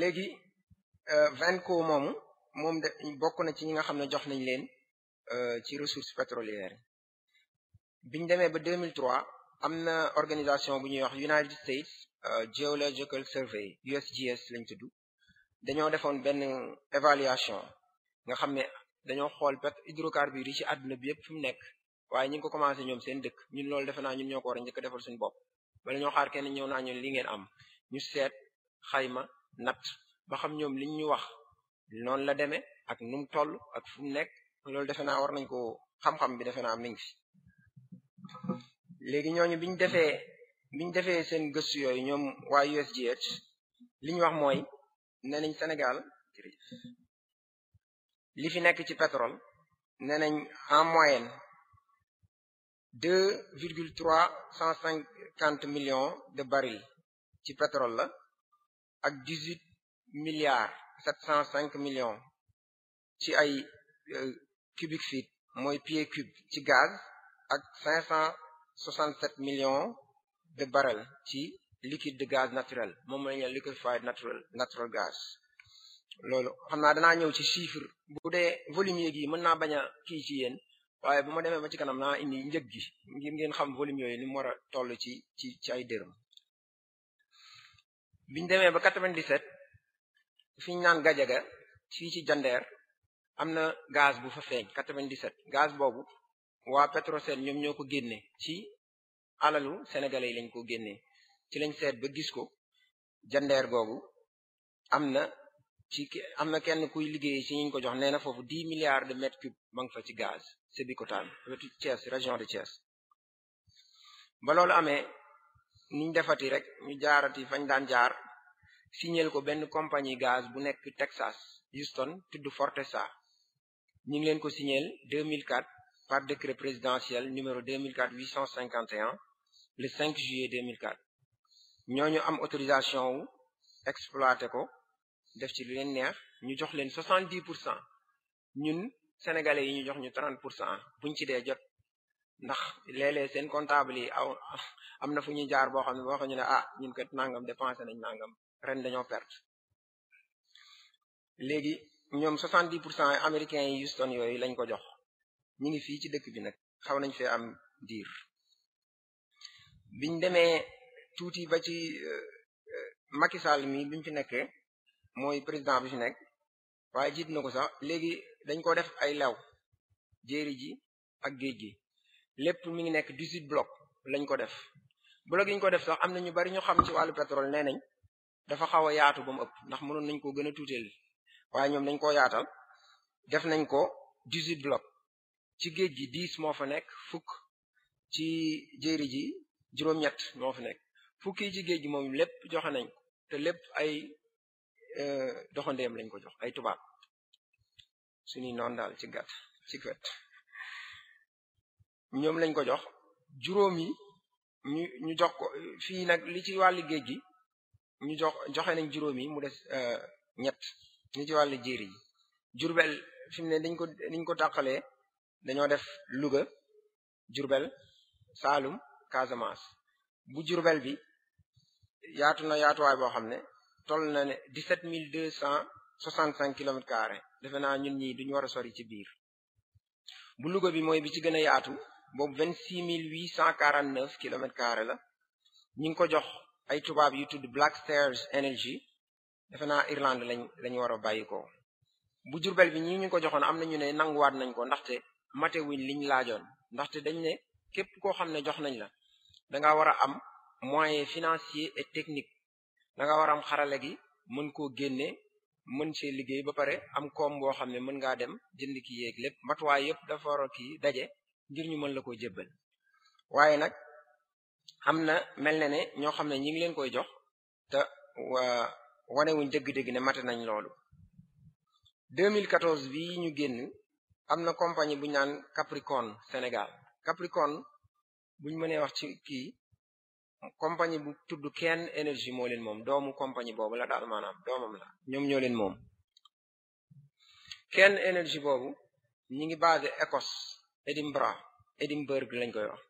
léegi euh, Vanco moomu moom de bokk na ci ñi nga xam ne jox nañ leen euh, ci ressources pétrolières biñ demee ba 2003 am na organisation bu ñuy wax United States euh, Geological Survey USGS lañ tudd dañoo defoon benn évaluation nga xam ne dañoo xool pet hydrocarbures yi ci àdduna bi yëpp fi mu nekk waaye ñi ngi ko commencé ñoom seen dëkk ñun loolu defe naa ñun ñoo ko war a njëkk suñu bopp wala ñoo xaar kenn ñëw naa ñu li ngeen am ñu seet xayma natt ba xam ñoom liñ ñu wax noonu la demee ak nu mu toll ak fu nekk loolu defe naa war nañ ko xam-xam bi defe naa mi ngi fi léegi ñooñu biñ defee biñ defee seen gëstu yooyu ñoom waa USGH li ñu wax mooy nee nañ Sénégal li fi nekk ci pétrole nee nañ en moyenne deux virgule trois cent cinquante millions de barils ci pétrole la ak dix-huit milliards sept cent cinq millions ci ay euh, cubic feet mooy pied cube ci gaz ak cinq cent soixante-sept millions de barils ci liquide de gaz naturel moom la ñu liquefied natural natural gas loolu xam naa danaa ñëw ci chiffre bu dee volume yeeg yi mën naa bañ a kii ci yéen waaye bu ma demee ba ci kanam naa indi njëg gi ngir ngeen xam volume yooyu li mu war a toll ci ci ci ay dërëm biñ demee ba 97 fi ñu naan gajaga fii ci jandeer am na gaz bu fa feeñ 97 gaz boobu waa Petrosen ñoom ñoo ko génne ci alalu sénégalais yi lañ ko génnee ci lañ ba gis ko jandeer googu am na ci am na kenn kuy liggéey ci ñu ko jox nee na foofu 10 milliards de mètres cubes ma nga fa ci gaz Sébikotane wetu Thiès région de Thiès ba loolu amee niñ defati rek ñu jaarati fañ daan jaar signel ko benn compagnie gaz bu nekk Texas Houston tudd Fortesa ñu ngi leen ko signel 2004 par décret présidentiel numéro 2004 851 le 5 juillet ñoo ñu am autorisation wu exploité ko def ci lu leen neex ñu jox leen 70 pour cent ñun sénégalais yi ñu jox ñu 30 pour cent buñ ci dee jot ndax léeg-léeg seen comptable yi aw am na fu ñuy jaar boo xam ne boo xam ñu ne ah ñun kat nangam dépensé nañ nangam ren dañoo perte léegi ñoom 70 pour cent américains yi Houston yooyu lañ ko jox ñu ngi fii ci dëkk bi nag xaw nañ fee am diir biñ demee tuuti ba ci euh, euh, Macky Sall mi biñ fi nekkee mooy président bi fi nekk waaye jiit na ko dañ ko def ay lew jéeri ji ak géej gi lépp mi ngi nekk 18 bloc lañ ko def bloc yi ko def sax am na ñu bari ñu xam ci wàllu pétrole nee nañ dafa xaw a yaatu ba mu ëpp ndax mënoon nañ ko gën a tuuteel waaye ñoom dañ koo yaatal def nañ ko 18 bloc ci géej gi 10 moo fa nekk fukk ci jéeri ji juróom moo fa nekk fukki ci géej gi moom lépp joxe nañ te lépp ay euh, doxandeem lañ ko jox ay tubaab suñuy noon daal ci gàtt ci wet ñoom lañ ko jox juróom yi ñu jox ko fii nag li ci wàllu géej gi ñu jox joxe nañ juróom yi mu des euh, ñett ñu ci wàllu jéeri yi jurbel fi ne dañ ko dañ ko tàqalee dañoo def Louga jurbel Saalum Casamance bu jurbel bi yaatu na yaatuwaay boo xam ne toll ne dix-sept mille deux cents 65 kilomètres carrés defe naa ñun ñi duñu war a sori ci biir bu Louga bi mooy bi ci gën a yaatu boobu 26849 kilomètres carrés la ñi ngi ko jox ay tubaab yu tudd Black Stars Energy defe naa Irlande lañ lañu war a bàyyi ko bu Jurbel bi ñi ñu ko joxoon am nañu ne nanguwaat nañ ko ndaxte matewuñ liñ laajoon ndaxte dañ ne képp koo xam ne jox nañ la danga war a am moyen financier et technique danga war a am xarale gi mën koo génnee mën cee liggéey ba pare am koom boo xam ne mën ngaa dem jënd ki yeeg lépp matuwaay yëpp dafa war a kii daje ngir ñu mën la ko jébbal waaye nag am na mel na ne ñoo xam ne ñi ngi leen koy jox te wane wuñ dëgg-dëgg ne mate nañ loolu 2014 bi ñu génn am na compagnie bu ñu naan Capricorn Sénégal Capricorn buñ mënee wax ci kii compagnie bu tudd kenn énergie moo leen moom doomu compagnie boobu la daal maanaam doomam la ñoom ñoo leen moom kenn énergie boobu ñi ngi basé Écosse Edinburgh Edinburgh lañ koy wax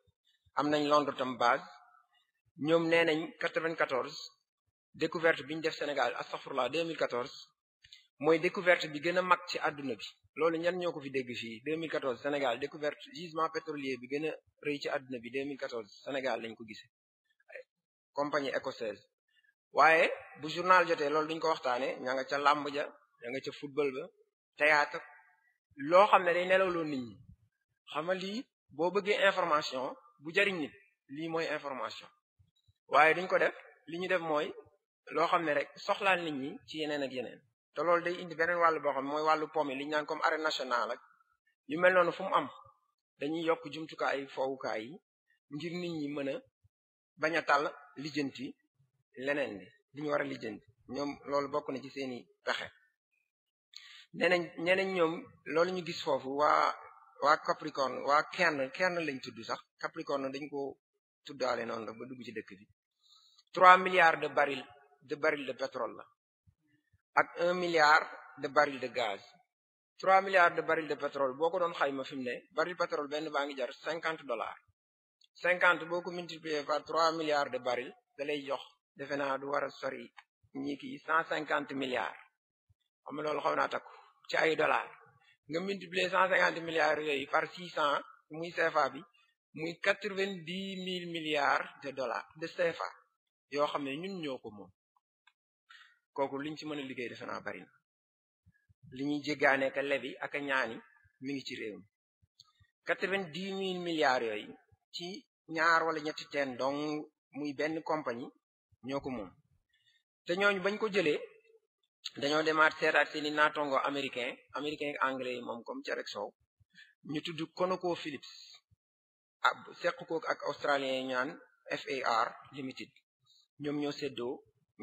am nañ Londres tam base ñoom nee nañ 94 découverte bi ñu def Sénégal astaghfirullah 2014 mooy découverte bi gën a mag ci àdduna bi loolu ñan ñoo ko fi dégg fii 2014 Sénégal découverte gisement pétrolier bi gën a ci àdduna bi 2014 Sénégal lañ ko gisee compagnie écossaise waaye bu journal jotee loolu duñ ko waxtaanee ña nga ca làmb ja ña nga ca football ba théâtre loo xam ne day nelaw nit ñi xam nga lii boo bëggee information bu jariñ nit lii mooy information waaye duñ ko def li ñu def mooy loo xam ne rek soxlaal nit ñi ci yeneen ak yeneen te loolu day indi beneen wàllu boo xam mooy wàllu pom yi li ñu naan comme arène nationale ak yu mel noonu fu mu am dañuy yokk jumtukaay foowukaay yi ngir nit ñi mën bañ a tàll lijjanti leneen li li ñu war a lijjanti ñoom loolu bokk na ci seeni pexe neneen ñeneen ñoom loolu ñu gis foofu waa waa Capricorne waa kenn kenn lañ tudd sax Capricorne dañ ko tuddaale noonu la ba dugg ci dëkk bi trois milliards de baril de baril de pétrole la ak un milliard de baril de gaz trois milliards de baril de pétrole boo ko doon xayma fi mu ne baril pétrole benn baa ngi jar cinquante dollars cinquante boo ko multiplier par trois milliards de barils da lay jox defe naa du war a sori ñi cent cinquante milliards xam nga loolu xaw naa takku ci ay dollars nga multiplier cent cinquante milliards yooyu par six cent muy CFA bi muy quatre vingt dix mille milliards de dollars de CFA yoo xam ne ñun ñoo ko moom kooku liñ ci mën a liggéey defe naa ñuy jéggaane ka lebi ak a ñaani mi ngi ci réew mi quatre vingt dix mille milliards yooyu ci ñaar wala ñetti ten dong muy benn compagnie ñoo ko moom te ñooñu bañ ko jëlee dañoo demaat seetaat seeni naatongo américain américain ak anglais yi moom comme cerek sow ñu tudd ConocoPhillips ah seq kook ak australien yi ñaan FAR Limited ñoom ñoo séddoo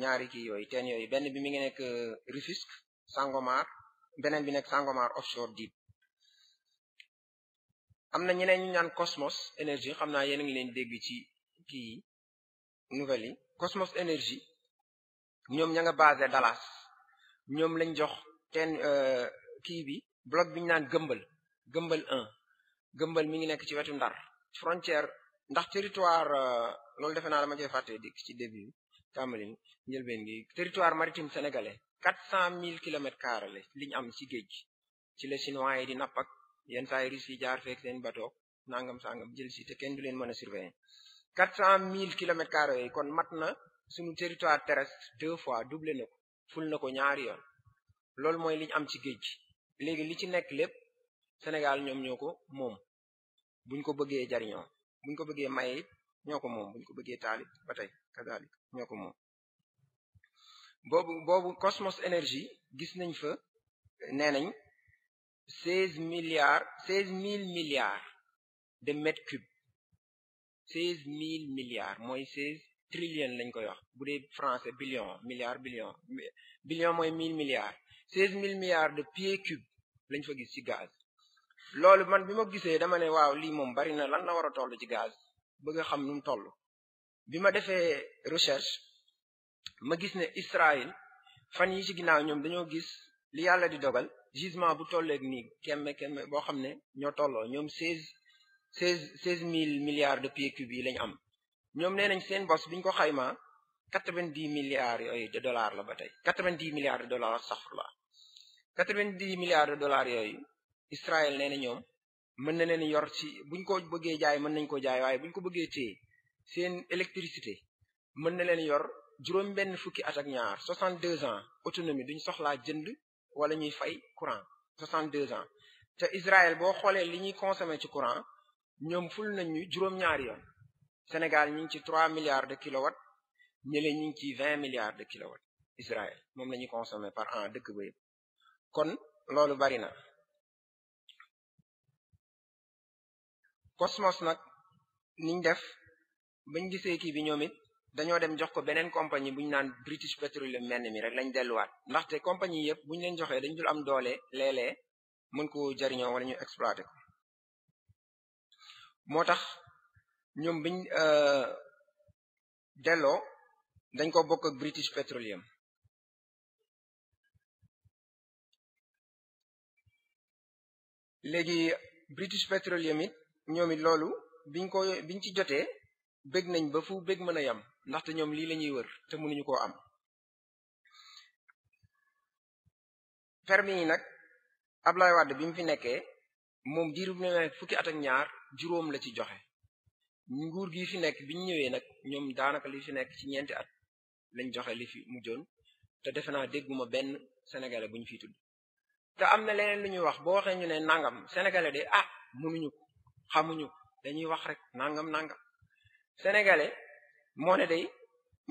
ñaari kii yooyu teen yooyu benn bi mi ngi nekk euh, Rufisque Sangomar beneen bi nekk Sangomar offshore deep am na ñeneen ñu ñaan Cosmos énergie xam naa yéen a ngi leen dégg ci kii nouvelle yi Cosmos énergie ñoom ña nga basé Dallas ñoom lañ jox ten euh, kii bi bloc bi ñu naan gëmbal gëmbal 1 gëmbal mi ngi nekk ci wetu ndar frontière ndax territoire euh, loolu defe naa dama cee fàtte dik ci début tàmbali njëlbeen gi territoire maritime sénégalais quatre cent mille kilomètres carrés la li ñu am ci géej ci la chinois yi di napp ak yenn saa yi russe yi jaar fekk seen bateau nangam sangam jël si te kenn du leen mën a surveiller quatre cent mille kilomètres carrés yi kon mat na suñu territoire terrestre deux fois doublé na ko ful na ko ñaari yoon loolu mooy li am ci géej léegi li ci nekk lépp Sénégal ñoom ñoo ko moom buñ ko bëggee jariñoo buñ ko bëggee may it ñoo ko moom buñ ko bëggee taalit ba tey kadalik ñoo ko moom boobu boobu Cosmos Energy gis nañ fa nee nañ seize milliards seize mille milliards de mètres cubes seize mille milliards mooy seize trillion lañ koy wax bu dee français billion milliard billion billion mooy mille milliards seize mille milliards de pieds cubes lañ fa gis ci gaz loolu man bi ma gisee dama ne waaw lii moom bari na lan la war a toll ci gaz bëgg xam nu mu toll bi ma defee recherche ma gis ne Israël fan yi ci ginnaaw ñoom dañoo gis li yàlla di dogal gisement bu tolleeg nii kemme kemme boo xam ne ñoo tolloo ñoom seize seize seize mille de pieds cubes yi lañ am ñoom nee nañ seen bos biñ ko xayma quatre-vingt-dix milliards yooyu de dollars la ba tey quatre de dollars safrla quatre vingt de dollars yooyu Israël nee na ñoom mën na leen yor ci buñ ko bëggee jaay mën nañ ko jaay waaye buñ ko bëggee téye seen électricité mën na leen yor juróom benn fukki at ak ñaar soixante-deux ans autonomie duñ soxlaa jënd wala ñuy fay courant soixante deux ans te Israël boo xoolee li ñuy consommer ci courant ñoom ful nañ ñu juróom-ñaari yoon Sénégal ñu ngi ci trois milliards de kilowatts ñële ñu ngi ci vingt milliards de kilowatts Israël moom la ñuy consommer par an dëkk ba yëpp kon loolu bari na Cosmos nag niñ def bañ gisee kii bi ñoom dañoo dem jox ko beneen compagnie bu ñu naan British Petroleum mel mi rek lañ delluwaat ndaxte compagnie yëpp bu ñu leen joxee dañ dul am doole léeg-léeg mën ko jariñoo wala ñu exploité ko moo tax ñoom biñ euh, delloo dañ ko bokk ak British Petroleum léegi British Petroleum it ñoom it loolu biñ ko biñ ci jotee bëgg nañ ba fu bëgg mën a yam ndaxte ñoom lii lañuy ñuy wër te mënuñu ko am permis yi nag Ablaye Wade bi mu fi nekkee moom diirub ne fukki at ak ñaar juróom la ci joxe nguur gi fi nekk biñ ñëwee nag ñoom daanaka li fi nekk ci ñeenti at lañ joxe li fi mujjoon te defe naa dégguma benn sénégalais buñ fi tudd te am na leneen lu ñuy wax boo waxe ñu ne nangam sénégalais de ah mënuñu ko xamuñu lañuy wax rek nangam nangam sénégalais moo ne day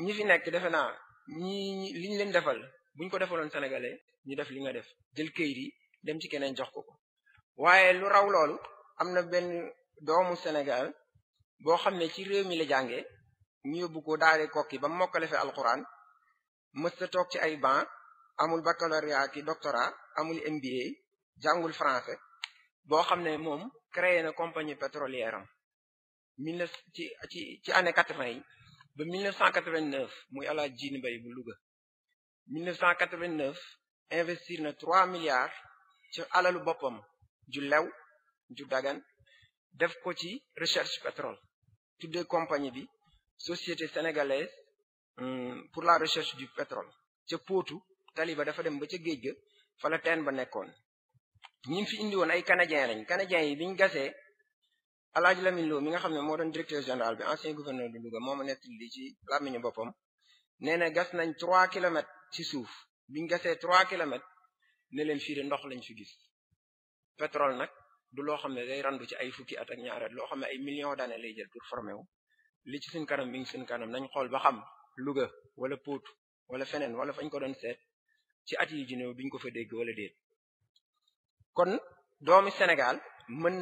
ñi fi nekk defe naa ñi li leen defal buñ ko defaloon sénégalais ñu def li nga def jël kayit yi dem ci keneen jox ko waaye lu raw loolu am na benn doomu Sénégal boo xam ne ci réew mi la jàngee ñu yóbbu ko daare kokki ba mokkale fe alquran mës ta toog ci ay ban amul baccalauréat ki doctorat amul MBA jàngul français boo xam ne moom créé na compagnie pétrolière am ci ci ci année quatre-vingt yi ba 1989 muy El Hadj Jini Mbaye bu Louga 1989 investir na 3 milliards ci alalu boppam ju lew ju dagan def ko ci recherche pétrole tuddee compagnie bi société sénégalaise pour la recherche du pétrole ca Potou taliba dafa dem ba ca géej ga fa ba nekkoon ñi fi indi ay canadiens lañ canadiens yi biñ gasee Alaaji Lamine Lo mi nga xam ne moo doon directeur général bi ancien gouverneur de Louga moo ma nekk li ci làmmiñu boppam nee na gas nañ trois kilomètres ci suuf biñ gasee trois kilomètres ne leen fii ndox lañ fi gis pétrole nag du loo xam ne day randu ci ay fukki att ak ñaar at loo xam ne ay million d'années lay jël pour former wu li ci suñ kanam mi ngi suñ kanam nañ xool ba xam Louga wala Pout wala feneen wala fañ ko doon seet ci at yi jinéew biñ ko fa dégg wala déet kon doomi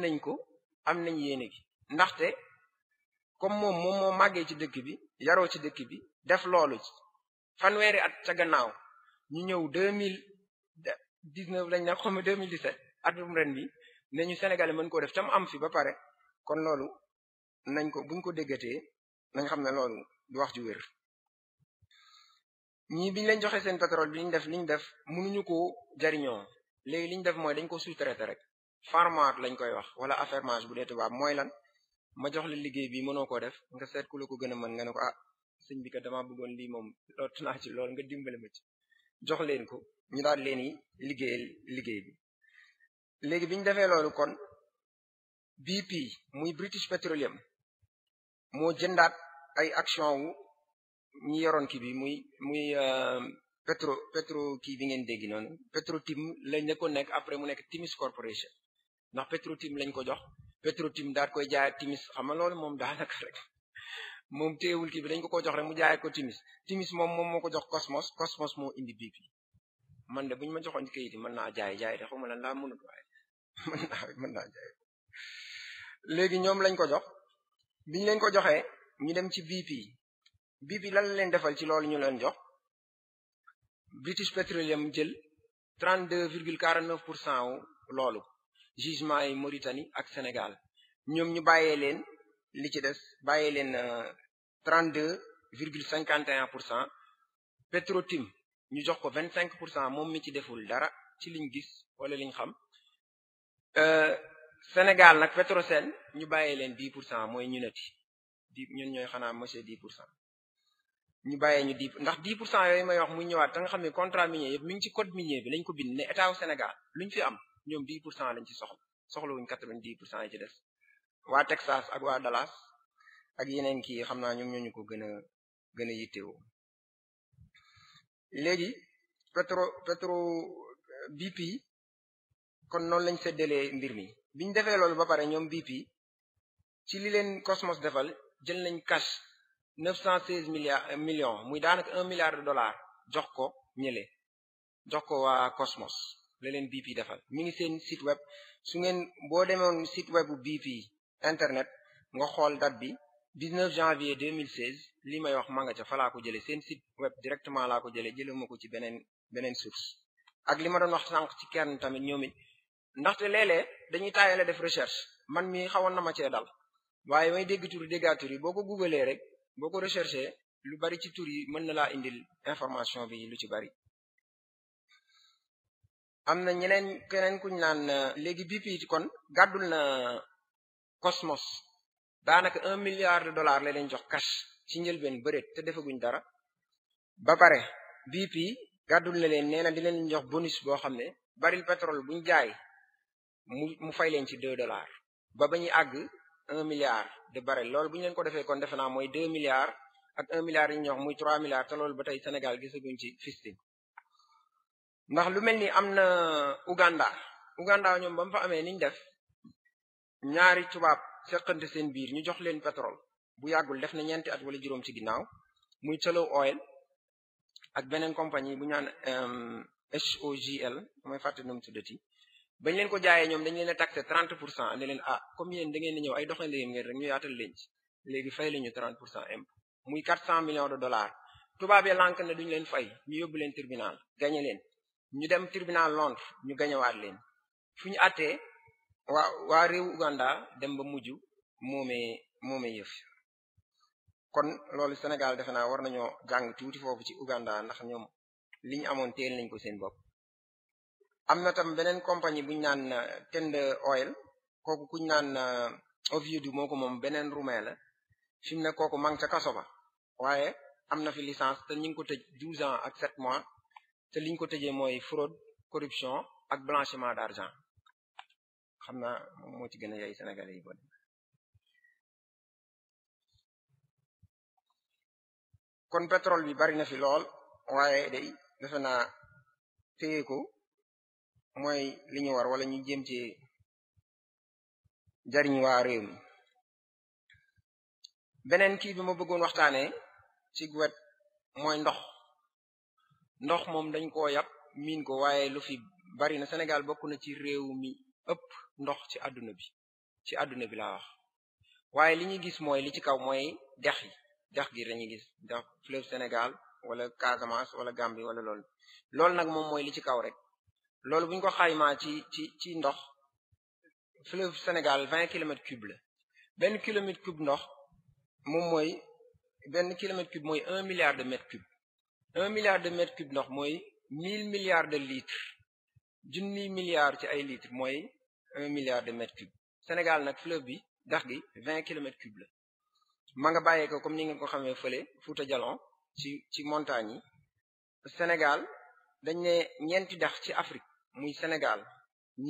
nañ ko am nañ yéene gi ndaxte comme moom moom moo màggee ci dëkk bi yaroo ci dëkk bi def loolu ci fanweeri at ca gannaaw ñu ñëw deux mille dix lañ nag xome deux mille dix at atum ren bi ne ñu sénégalais mën koo def tam am fi ba pare kon loolu nañ ko buñ ko déggatee nañ xam ne loolu du wax ci wér ñii biñ leen joxe seen pétrole bi liñ def liñ def mënuñu ko jariñoo léegi liñ def mooy dañ ko sous-traiter rek fermage lañ koy wax wala affermage bu dee tubaab mooy lan ma jox la liggéey bi mënoo koo def nga seet ku la ko gën a mën nga ne ko ah sëñ bi kat dama bëggoon lii moom lot naa ci lool nga dimbale ma ci jox leen ko ñu daal leen yi liggéeyal liggéey bi léegi bi ñu defee loolu kon BP muy British Petroleum moo jëndaat ay action wu ñi yoroon ki bi muy muy euh, pétro pétro kii bi ngeen dégg noonu Petro Tim lañ ne ko nekk après mu nekk Timis Corporation ndax Petro-Tim lañ ko jox Petro-Tim daal koy jaay timis xam nga loolu moom daanaka rek moom teewul kii bi dañ ko ko jox rek mu jaay ko timis timis moom moom moo ko jox Cosmos Cosmos moo indi bi man de bu ma joxoon ci kayit yi mën naa jaay jaay de xaw ma lan laa mënut waaye mën naa mën naa jaay ñoom lañ ko jox biñ leen ko joxee ñu dem ci bi BP bi lan la leen defal ci loolu ñu leen jox British Petroleum jël 32 virgule 49 pour cent wu loolu jugement yi Mauritanie ak Sénégal ñoom ñu bàyyee leen li ci des bàyyee leen euh, trente deux virgule cinquante et pour cent Petrotim ñu jox ko vingt cinq pour cent moom mi ci deful dara ci liñ gis wala liñ xam euh, Sénégal nag Petrosen ñu bàyyee leen dix pour cent mooy ñu neti ñun ñooy xanaa monsieur dix pour cent ñu bàyyee ñu di ndax 10 pour cent yooyu may wax muy ñëwaat te nga xam ne contrat minier yëpp ngi ci code minier bi lañ ko bind ne état wu Sénégal luñ fi am ñoom 10 pour cent lañ ci soxla soxlawuñ 90 pour cent yi ci des waa Texas ak waa Dallas ak yeneen kii xam naa ñom ñoo ñu ko gën a gën a yittewoo léegi pétro pétro BP kon noonu lañ séddalee mbir mi biñ defee loolu ba pare ñoom BP ci li leen Cosmos defal jël nañ cash 916 milliards euh, millions muy daanaka un milliard de dollars jox ko ñële jox ko wa Cosmos la leen BP defal mi ngi seen site web su ngeen boo demoon site web bu BP internet nga xool date bi 19 janvier 2016 li may wax ma nga ca fa laa ko jëlee seen site web directement laa ko jëlee jëlee ma ko ci beneen beneen source ak li ma doon wax sànq ci kenn tamit ñoom it ndaxte léeg-léeg dañuy taayale def recherche man mi xawoon na ma cee dal waaye may dégg tur déggaa tur yi boo ko googalee rek boo ko recherché lu bari ci tur yi mën na laa indil information bi lu ci bari am na ñeneen keneen kuñ naan euh, léegi BP ci kon gàddul na Cosmos daanaka un milliard de dollars la jox kas ci njëlbeen bëreet te defaguñ dara ba pare BP gàddul na leen nee na di leen jox bonus boo xam ne baril pétrole buñ jaay mu mu fay leen ci deux dollars ba ba ñuy àgg un milliard de baril loolu bu leen ko defee kon defe naa mooy deux milliards ak un milliard yi ñu jox muy trois milliards te loolu ba tey Sénégal gisaguñ ci fistin ndax lu mel ni am na Uganda Uganda ñoom ba mu fa amee niñ def ñaari tubaab seqante seen biir ñu jox leen pétrole bu yàggul def na ñeenti at wala juróom ci ginnaaw muy Tullow Oil ak beneen compagnie bu ñaan SOGL mooy fàtte nu mu tuddati bañ leen ko jaayee ñoom dañ leen a taxé 30 pour cent ne leen ah comme yéen da ngeen di ñëw ay doxalin ngeen ngeen rek ñu yaatal leen ci léegi fay la ñu pour cent impôt muy 400 millions de dollars tubaab yi lànk duñ leen fay ñu yóbbu leen tribunal gagné leen. ñu dem tribunal Londres ñu gañewaat leen fu ñu àttee waa waa réew dem ba mujj moomee moomee yëf kon loolu Sénégal defe naa war nañoo jàng tuuti foofu ci Uganda ndax ñoom li ñu amoon teel nañ ko seen bopp am na tam beneen compagnie buñu naan euh, Tend Oil kooku kuñ naan euh, Oviedo moo ko moom beneen roumain la fi mu ne kooku mang fi licence te ñu ngi ko ans ak 7 mois te liñ ko tëjee mooy fraude corruption ak blanchiment d'argent xam naa moom moo ci gën a yey yi kon pétrole bi bari na fi lool waaye day defe naa téye ko mooy li war wala ñu jëm ci jariñ waa réew mi beneen kii bi ma bëggoon waxtaanee ci ndox ndox moom dañ koo yàpp miin ko waaye lu fi bari na Sénégal bokk na ci réew mi ëpp ndox ci àdduna bi ci àdduna bi laa wax waaye li ñuy gis mooy li ci kaw mooy dex yi dex gi lañuy gis dex fleuve Sénégal wala Casamance wala gambi wala loolu loolu nag moom mooy li ci kaw rek loolu buñ ko xaymaa ci ci ci ndox fleuve Sénégal vingt kilomètres cubes la benn kilomètre cube ndox moom mooy benn kilomètre cube mooy un milliard de mètres cubes un de mètres cubes ndox mooy mille milliards de litres junni milliards ci ay litres mooy un de mètres cubes Sénégal nag fleuve bi dex gi vingt kilomètres cubes la ma nga bàyyee ko comme ni nga ko xamee fële Fouta Djalon ci ci montagne yi Sénégal dañ ne ñeenti dex ci Afrique muy Sénégal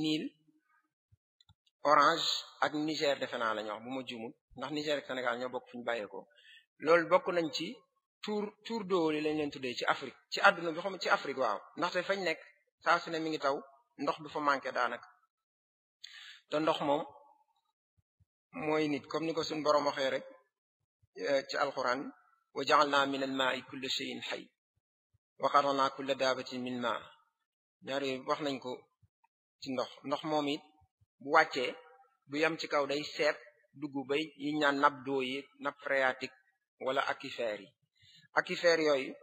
Nil Orange ak Niger defe naa la ñu wax bu ma juumul ndax Niger ak Sénégal ñoo bokk fu ñu bàyyeekoo loolu bokk nañ ci tour tour d'eau lañ leen tuddee ci Afrique ci àdduna bi xam ci Afrique waaw ndaxte fañ nekk saa su mi ngi taw ndox du fa manqué daanaka te ndox moom mooy nit comme ni ko suñ borom waxee rek eh, ci alquran wa ja'alna min al-ma'i kulla shay'in hayy wa qata'na kulla dabatin min ma ñaari wax nañ ko ci ndox ndox moom it bu wàccee bu yam ci kaw day seet dugg bay yi ñaan nappe d'eau yi nappe phréatique wala aquifère yi aquifères yooyu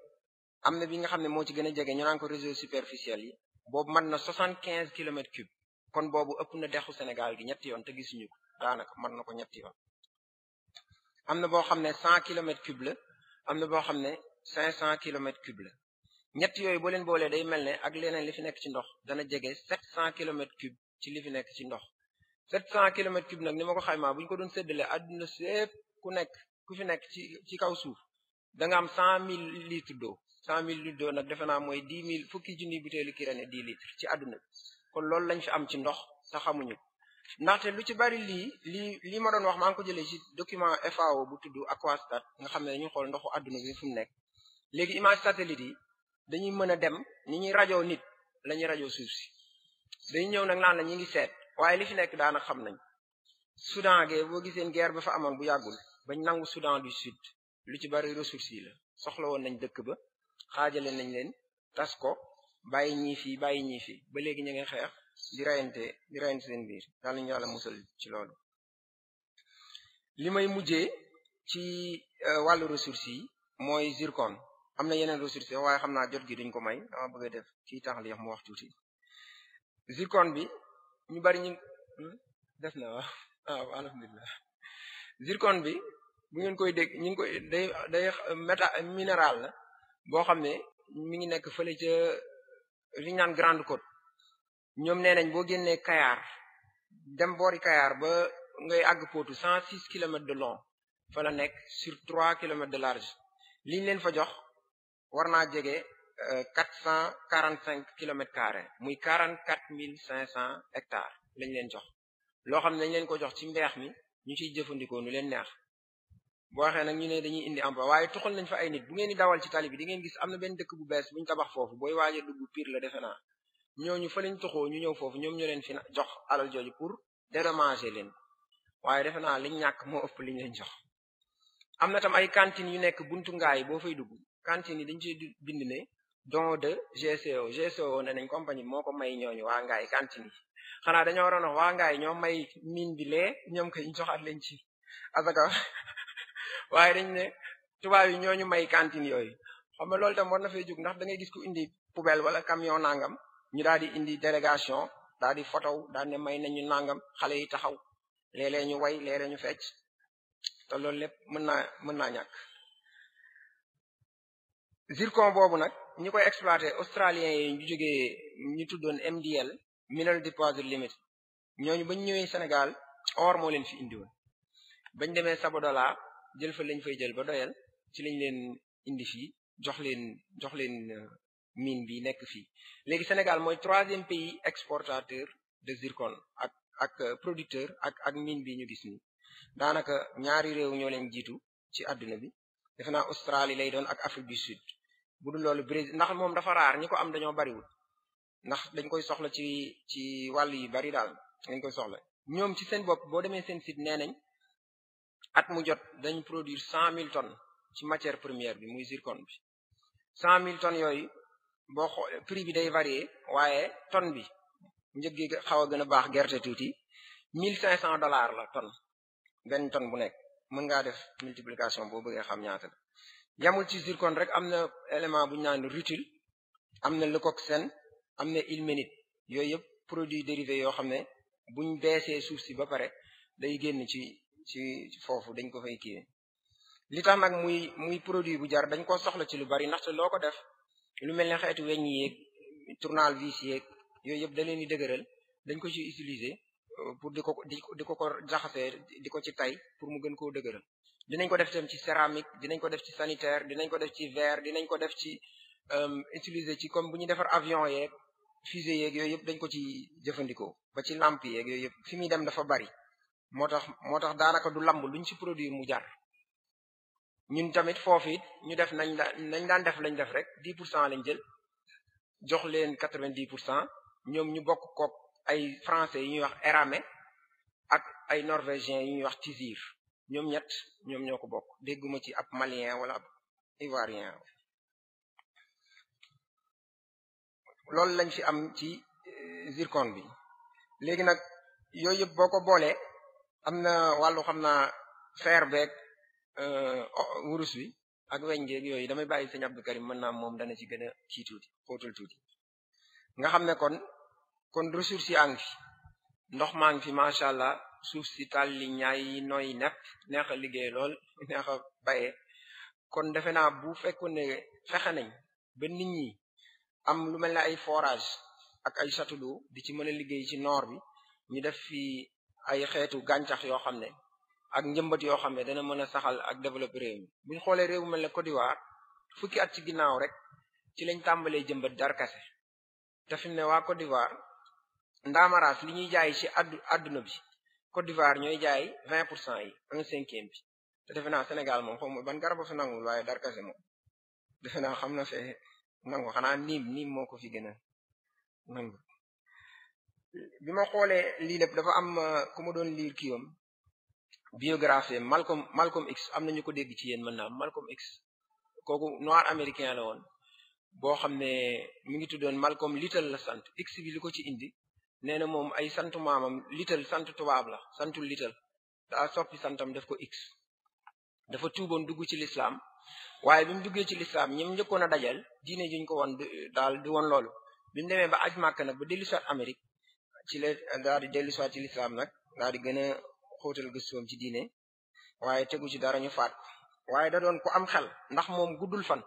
am na bi nga xam ne moo ci gën a jege ñu naan réseau superficiel yi boobu mën na soixante quinze kilomètres cubes kon boobu ëpp na dexu Sénégal gi ñetti yoon te gisuñu ko daanaka mën na ko ñetti yoon am na boo xam ne cent kilomètres cubes la am na boo xam ne cinq cent kilomètres cubes la ñett yooyu boo leen boolee day mel ne ak leneen li fi nekk ci ndox dana jege sept cent kilomètres cubes ci li fi nekk ci ndox sept cent kilomètres cubes nag ni ma ko xaymaa bu ñu ko doon séddale àdduna ku nekk ku fi nekk ci ci kaw suuf da nga am cent mille litres d'eau cent mille litres d'eau nag defe naa mooy dix mille fukki junni butéelu kirane dix litres ci àdduna bi kon loolu lañ fi am ci ndox te xamuñu ndaxte lu ci bari lii li lii ma doon wax ma ngi ko jëlee ci document FAO bu tudd Aquastat nga xam ne dañuy xool ndoxu àdduna bi fu mu nekk léegi image satellite yi dañuy mën a dem ni ñuy rajo nit la rajo suuf si dañuy ñëw nag naan la ñu ngi seet waaye li fi nekk daanaka xam nañ Soudan gee boo giseen guerre ba fa amoon bu yàggul bañ nangu Soudan du Sud lu ci bari ressources yi la soxla woon nañ dëkk ba xaajale nañ leen tas ko bàyyi ñii fii bàyyi ñii fii ba léegi ñu ngi xeex di rayante di rayante seen biir daal nañu yàlla musal ci loolu li may mujjee ci euh, wàllu ressources yi mooy zircon am na yeneen ressources yoo waaye xam naa jot gi duñ ko may bëgg a def kii tax li mu wax tuuti zircon bi ñu bari ñu hmm? def na waaw waaw ah, alhamdulilah zircon bi bu ngeen koy dégg ñu ngi koy day day méta minéral la boo xam ne mi ngi nekk fële ca li ñu naan Grande Côte ñoom nee nañ boo génnee Kayar dem boori Kayar ba ngay àgg pootu cent six kilomètres de long fa la nekk sur trois kilomètres de large liñ leen fa jox war naa jege euh, quatre cent quarante cinq kilomètres carré muy quarante quatre mille cinq cent hectares lañ leen jox loo xam ne dañ leen ko jox ci mbeex mi ñu ciy jëfandikoo nu leen neex bo waxee nag ñu ne dañuy indi emploi waaye toxal nañ fa ay nit bu ngeen di dawal ci tali bi di ngeen gis am na benn dëkk bu bees buñ tabax foofu booy waaj pire la defe naa ñooñu fa lañ toxoo ñu ñëw foofu ñoom ñu leen fi jox alal jooju pour dédommager leen waaye defe naa liñ ñàkk moo ëpp liñ leen jox. am na tam ay cantines yu nekk buntu ngaay boo fay dugg cantines yi dañ ciy bind ne don de GCO GCO ne nañ compagnie moo ko may ñooñu waa ngaay cantine yi xanaa dañoo waroon wax waa ngaay ñoo may mine bi lee ñoom kay ñu joxaat leen ci asaka waaye dañ ne tubaab yi ñooñu may cantine yooyu xam nga loolu tam war na fee jóg ndax da ngay gis ku indi poubelle wala camion nangam ñu daal di indi délégation daal di photo daal ne may nañu nangam xale yi taxaw léeg ñu way léeg-léeg ñu fecc te loolu lépp mën naa mën naa ñàkk. zircon boobu nag ñi koy exploiter australiens yi ñu jógee ñu tuddoon MDL mineral deposit limit ñooñu bañ ñëwee Sénégal or moo leen fi indiwoon bañ demee Sabodola jël fa lañ fay jël ba doyal ci lañ leen indi fii jox leen jox leen euh, mine bi nekk fii léegi Sénégal mooy troisième pays exportateur de zircon ak ak euh, producteur ak ak mine bi ñu gis daanaka ñaari réew ñoo leen jiitu ci àdduna bi defe naa Australie lay doon ak Afrique du Sud bu dul loolu Brésil ndax moom dafa raar ñi ko am dañoo bariwul ndax dañ koy soxla ci ci wàll yu bari daal dañ koy soxla ñoom ci seen bopp boo demee seen site nee nañ at mu jot dañ produit cent mille tonnes ci matière première bi muy zircon bi cent mille tonnes yooyu boo xoolee prix bi day varier waaye tonne bi njëg gi xaw a gën a baax gerte tuuti mille cinq cent dollars la tonne benn tonne bu nekk mën ngaa def multiplication boo bëggee xam ñaata la yamul ci zircon rek am na élément bu naan rutile am na sen am na ilménite yooyu yëpp produit dérivés yoo xam ne buñ beesee suuf si ba pare day génn ci ci foofu dañ ko fay kiiwee li tax muy muy produit bu jar dañ ko soxla ci lu bari ndaxte loo ko def lu mel ne xeetu weñ yeeg tournal vis yeeg yooyu yëpp da leen di dëgëral dañ ko ci utiliser euh, pour di ko di ko ko jaxasee di ko ci tay pour mu gën koo dëgëral dinañ ko def tam ci céramique dinañ ko def ci sanitaire dinañ ko def ci verre dinañ ko def ci euh, utiliser ci comme bu ñu defar avion yeeg fusée yeeg yooyu yëpp dañ ko ci jëfandikoo ba ci lamp yeeg yooyu yëpp fi muy dem dafa bari moo tax moo tax daanaka du lamb luñ ci produit mu jar ñun tamit foofu ñu def nañ la nañ daan def lañ def rek 10 pour cent lañ jël jox leen 90 pour cent ñoom ñu bokk kook ay français yu ñuy wax Eramet ak ay norvégiens yu ñuy wax Tizir ñoom ñett ñoom ñoo ko bokk dégguma ci ab malien wala ab ivoirien loolu lañ fi am ci euh, zircon bi léegi nag yooyu yëpp boo ko boolee am na wàllu xam naa fer beeg euh, wurus wi ak weñ geeg yooyu damay bàyyi sëñ Abdou Karim mën naa moom dana ci gën a kii tuuti xóotul nga xam ne kon kon ressource si ngi fi ndox maa ngi fi macha allah suuf si tàll li ñaay yi nepp neex a liggéey lool neex a kon defe naa bu fekkoon ne fexe nañ ba nit ñi am lu mel ne ay forage ak ay château d'eau di ci mën a liggéey ci noor bi ñu def fi ay xeetu gàncax yoo xam ne ak njëmbat yoo xam ne dana mën a saxal ak développer réew mi bu ñu xoolee réew ne Côte d'Ivoire fukki at ci ginnaaw rek ci lañ tàmbalee jëmbat darkase te fi ne waa Côte d'Ivoire ndaamaraas li ñuy jaay ci addu adduna bi Côte d'Ivoire ñooy jaay vingt pour cent yi un cinquième bi te defe naa Sénégal moom xaw ma ban garab fa nangul waaye darkase moom defe naa xam na fee nangu xanaa niim niim moo ko fi gën bi ma xoolee lii lépp dafa am euh, ku ma doon liir kiiwam biographie Malcolm Malcolm X am na ñu ko dégg ci yéen mën naa Malcolm X kooku noir américain la woon boo xam ne mi ngi tuddoon Malcolm Little la sant X bi li ko ci indi nee na moom ay santu maamam Little sant tubaab la santu Little daa soppi santam def ko X dafa tuuboon dugg ci l'islam waaye bi mu duggee ci l'islam ñoom njëkkoon a dajal diine juñ ko woon daal di woon loolu bi mu demee ba aj Màkka nag ba dellusiwaat Amérique ci le daal di dellu soit ci lislaam nag daal di gën a xóotal ci diine waaye tegu ci dara ñu faat waaye da doon ku am xel ndax moom guddul fan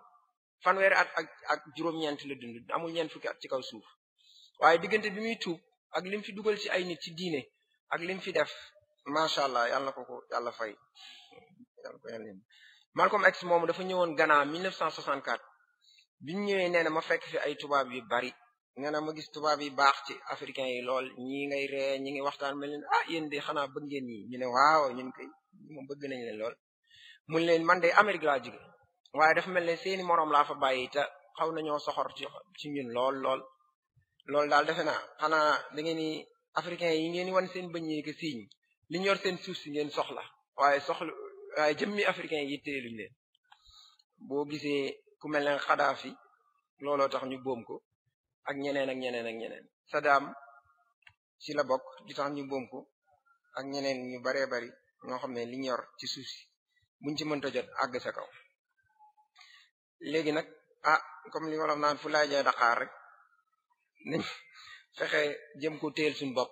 fanweeri at ak ak juróom-ñeent la dund amul ñeent fukki at ci kaw suuf waaye diggante bi muy tuub ak lim fi dugal ci ay nit ci diine ak lim fi def macha allah yàlla na ko ko yàlla fay yàlla ko yàlla Malcolm X moom dafa ñëwoon Ghana 1964 biñ ñëwee nee na ma fekk fi ay tubaab yu bari nee ma gis tubaab yi baax ci africain yi lool ñii ngay ree ñi ngi waxtaan mel leen ah yéen de xanaa bëgg ngeen ñi ñu ne waaw ñun koy moom bëgg nañ leen lool mun leen man de Amérique laa jóge waaye dafa mel seeni moroom laa fa bàyyi te xaw nañoo soxor ci ci ñun lool lool loolu daal defe naa xanaa da ngeen ni africain yi ngeen wan seen bëñ yi que siiñ li ñor seen suuf si ngeen soxla waaye soxla waaye jëmmi africain yi téeluñ leen boo gisee ku mel ne Kadhafi looloo tax ñu boom ko ak ñeneen ak ñeneen ak ñeneen Saddam ci la bokk di tax ñu boom ak ñeneen ñu baree bari ñoo xam ne li ñor ci suuf si buñ ci mënta jot àgg sa kaw léegi nag a ah, comme li wolof naan fu laay jaay daqaar rek nañ fexe jëm ko teel suñu bopp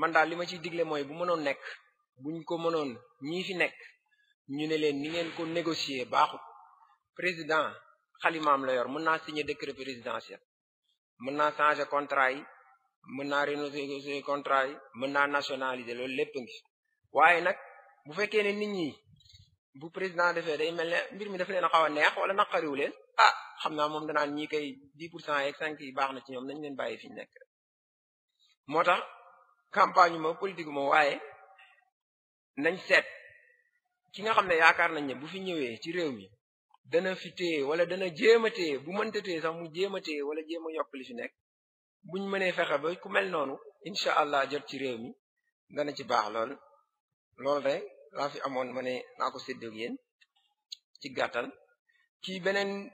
man daal li ma ciy digle mooy bu mënoon nekk buñ ko mënoon ñii fi nekk ñu ne leen ni ngeen ko négocier baaxut président xalimaam la yor mën naa signer décret présidentiel mën naa changer contrat yi mën naa renouveler contrat yi mën naa nationaliser loolu lépp ngi waaye nag bu fekkee ne nit ñi bu président defee day mel ne mbir mi daf leen a xaw a neex wala naqariwu leen ah xam naa moom danaan ñi kay 10 pour cent yeeg 5 yi baax na ci ñoom nañ leen bàyyi fi ñu nekk moo tax campagne ma politique ma waaye nañ seet ki nga xam ne yaakaar nañ ne bu fi ñëwee ci réew mi dana fi téye wala dana jéem a téye bu mënta téye sax mu jéem a téye wala jéem a yokk li fi nekk buñ mënee fexe ba ku mel noonu incha allah jot ci réew mi dana ci baax lool loolu rek laa fi amoon mane ne naa ko séddoo yéen ci gàttal kii beneen eh,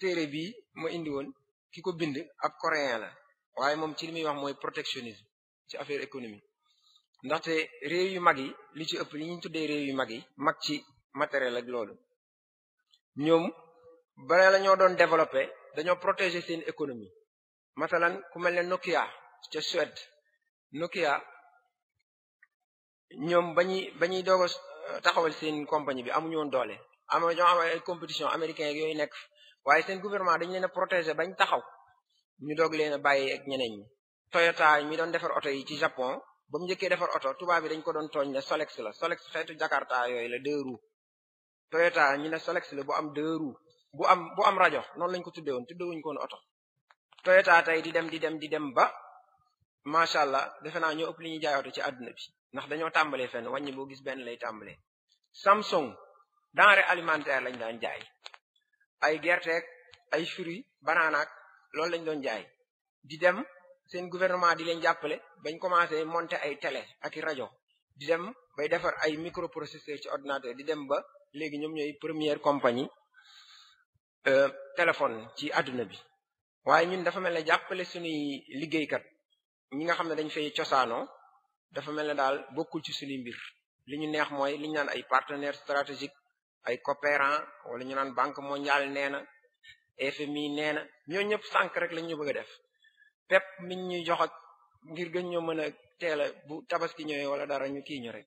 téere bi ma indi woon ki ko bind ab coréen la waaye moom ci li muy wax mooy protectionnisme ci affaire économique ndaxte réew yu mag yi li ci ëpp li ñu tuddee réew yu mag yi mag ci matériel ak loolu ñoom bare la ñoo doon développé dañoo protéger seen économie matalan ku mel ne Nokia ca Nokia ñoom bañuy bañuy doog a taxawal seen compagnie bi amuñu woon doole am ñoo am ay compétition américain yooyu nekk waaye seen gouvernement dañu leen a bañ taxaw ñu doog leen a bàyyi ak ñeneen ñi Toyota mi doon defar oto yi ci Japon ba mu njëkkee defar oto tubaab bi dañ ko doon tooñ ne Solex la Solex xeetu Jakarta yooyu la deux roues Toyota ñu ne Selex la bu am deux roues bu am bu am rajo noonu lañ ko tuddee woon tuddee wuñ ko woon oto Toyota tey di dem di dem di dem ba macha allah defe naa ñoo ëpp li ñuy jaay ci àdduna bi ndax dañoo tàmbalee fenn wàññi boo gis benn lay tàmbalee. Samsung denrée alimentaire lañ daan jaay ay gerteeg ay fruits banaanaak loolu lañ doon jaay di dem seen gouvernement di leen jàppale bañ commencé monté ay télé ak i rajo di dem bay defar ay micro microprocesseur ci ordinateur di dem ba léegi ñoom ñooy première compagnie euh, téléphone ci àdduna bi waaye ñun dafa mel ne jàppale suñuy liggéeykat ñi nga xam ne dañ fay cosaanoo dafa mel ne daal bokkul ci suñuy mbir li ñu neex mooy li ñu naan ay partenaires stratégiques ay coopérants wala ñu naan banque mondiale nee na FMI nee na ñoo ñëpp sànq rek lañ ñu bëgg a def PEP mi ñuy jox ngir gën ñoo mën a teel a bu tabaski ñëwee wala dara ñu kii ñu rek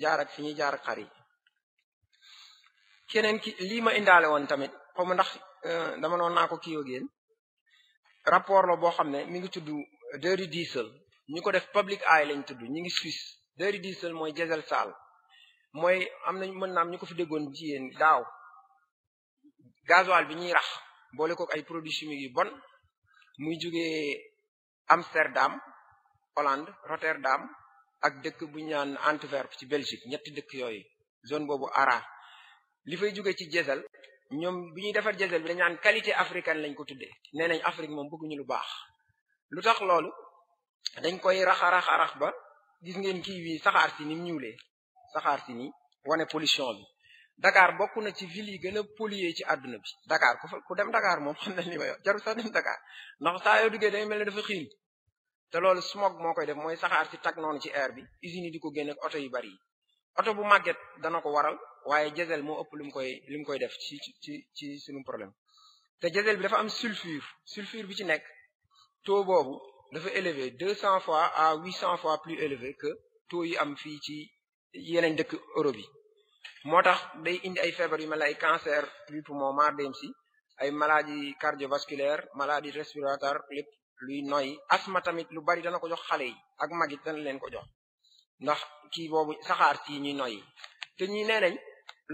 jaar ak fi ñuy jaar xar yi keneen ki lii ma indaale woon tamit xaw ma ndax euh, dama noon naa ko kii yéen rapport la boo xam ne mi ngi tudd Dirty Diesel ñu ko def public eye lañ tudd ñu ngi Suisse Dirty Diesel mooy diesel sale mooy am nañ mën naam ñu ko fi déggoon ci daaw gasoil bi ñuy rax boole ko ay produits chimiques yu bon muy jógee Amsterdam Hollande Rotterdam ak dëkk bu ñaan naan Antwerp ci Belgique ñetti dëkk yooyu zone boobu ara li fay jóge ci diesel ñoom bi ñuy defar diesel bi dañ naan qualité africaine lañ ko tuddee nee nañ Afrique moom bëgg ñu lu baax lu tax loolu dañ koy raxa raxa rax ba gis ngeen kii wi saxaar si ni mu ñuulee saxaar si ni wane pollution bi dakaar bokk na ci ville yi gën a pollué ci àdduna bi Dakar ku fa dem Dakar moom xam na li ma sax dem Dakar ndax saa yoo duggee te loolu smog moo koy def mooy saxaar ci tag noonu ci air bi usines yi di ko génne ak yu bari yi oto bu màgget dana ko waral waaye diesel moo ëpp lu mu koy lu koy def ci ci ci suñu problème te diesel bi dafa am sulfure sulfure bi ci nekk taux boobu dafa élevé deux cents fois à huit cents fois plus élevé que taux yi am fii ci yeneen dëkk Europe yi moo tax day indi ay feebar yu mel ay cancer du poumon maar dem si ay maladies cardiovasculaires maladies respiratoires lépp luy noyyi asma tamit lu bari dana ko jox xale yi ak magit dana leen ko jox ndax kii boobu saxaar sii ñuy noyyi te ñi nee nañ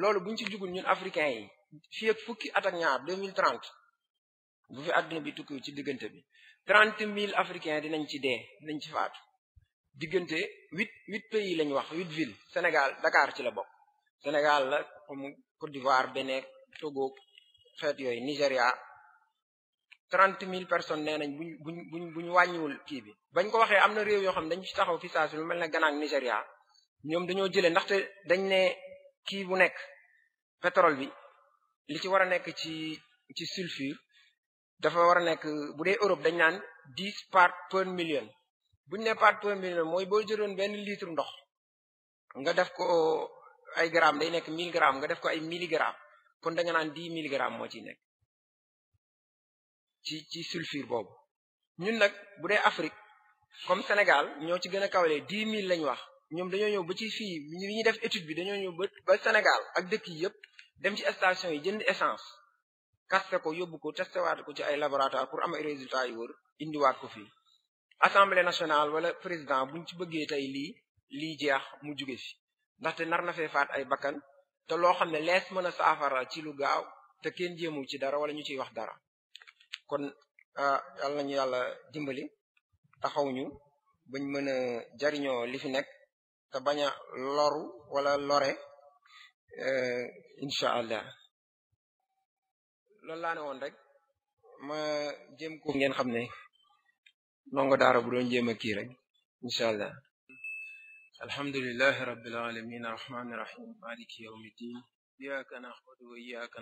loolu buñ ci jugul ñun africain yi fii ak fukki at ak ñaar 2030 bu fi àdduna bi tukki ci diggante bi 30000 africains dinañ ci dee dinañ ci faatu diggante huit huit pays lañ wax huit ville Sénégal Dakar ci la bokk Sénégal la comme Côte d'Ivoire Bénin Togo xeet yooyu Nigéria trente mille personnes nee nañ buñ buñ buñ buñ wàññiwul kii bi bañ ko waxee am na réew yoo xam dañ taxaw fi saa si lu mel ne Ghana ak Nigéria ñoom dañoo jëlee ndaxte dañ ne kii bu nekk pétrole bi li ci war a nekk ci ci sulfure dafa war a nekk bu dee Europe dañ naan dix parts per million buñ ne parts per million mooy boo jëloon benn litre ndox nga def ko ay grammes day nekk mille grammes nga def ko ay milligrammes kon da nga naan dix milligrammes moo ciy nekk ci ci sulfure boobu ñun nag bu dee Afrique comme Sénégal ñoo ci gën a kawalee dix mille lañ wax ñoom dañoo ñëw ba ci fii bi ñuy def étude bi dañoo ñëw ba ba Sénégal ak dëkk yi yëpp dem ci station yi jënd essence kaste ko yóbbu ko testé waat ko ci ay laboratoire pour am ay résultat yu wër indiwaat ko fii assemblée nationale wala président buñ ci bëggee tey lii lii jeex mu juge fi ndaxte nar na fee faat ay bakkan te loo xam ne lees mën a saafara ci lu gaaw te kenn jéemul ci dara wala ñu ciy wax dara kon ah, yàlla nañu yàlla dimbali taxaw ñu bañ mën a jariñoo li fi nekk te bañ a loru wala lore eh, incha allah loolu laa ne woon rek ma jéem ko ngeen xam ne ndongo daara bu doon jéem a kii rek incha allah alhamdulillahi rabbil alamin arrahmanir rahim maliki yawmiddin iyyaka na'budu wa iyyaka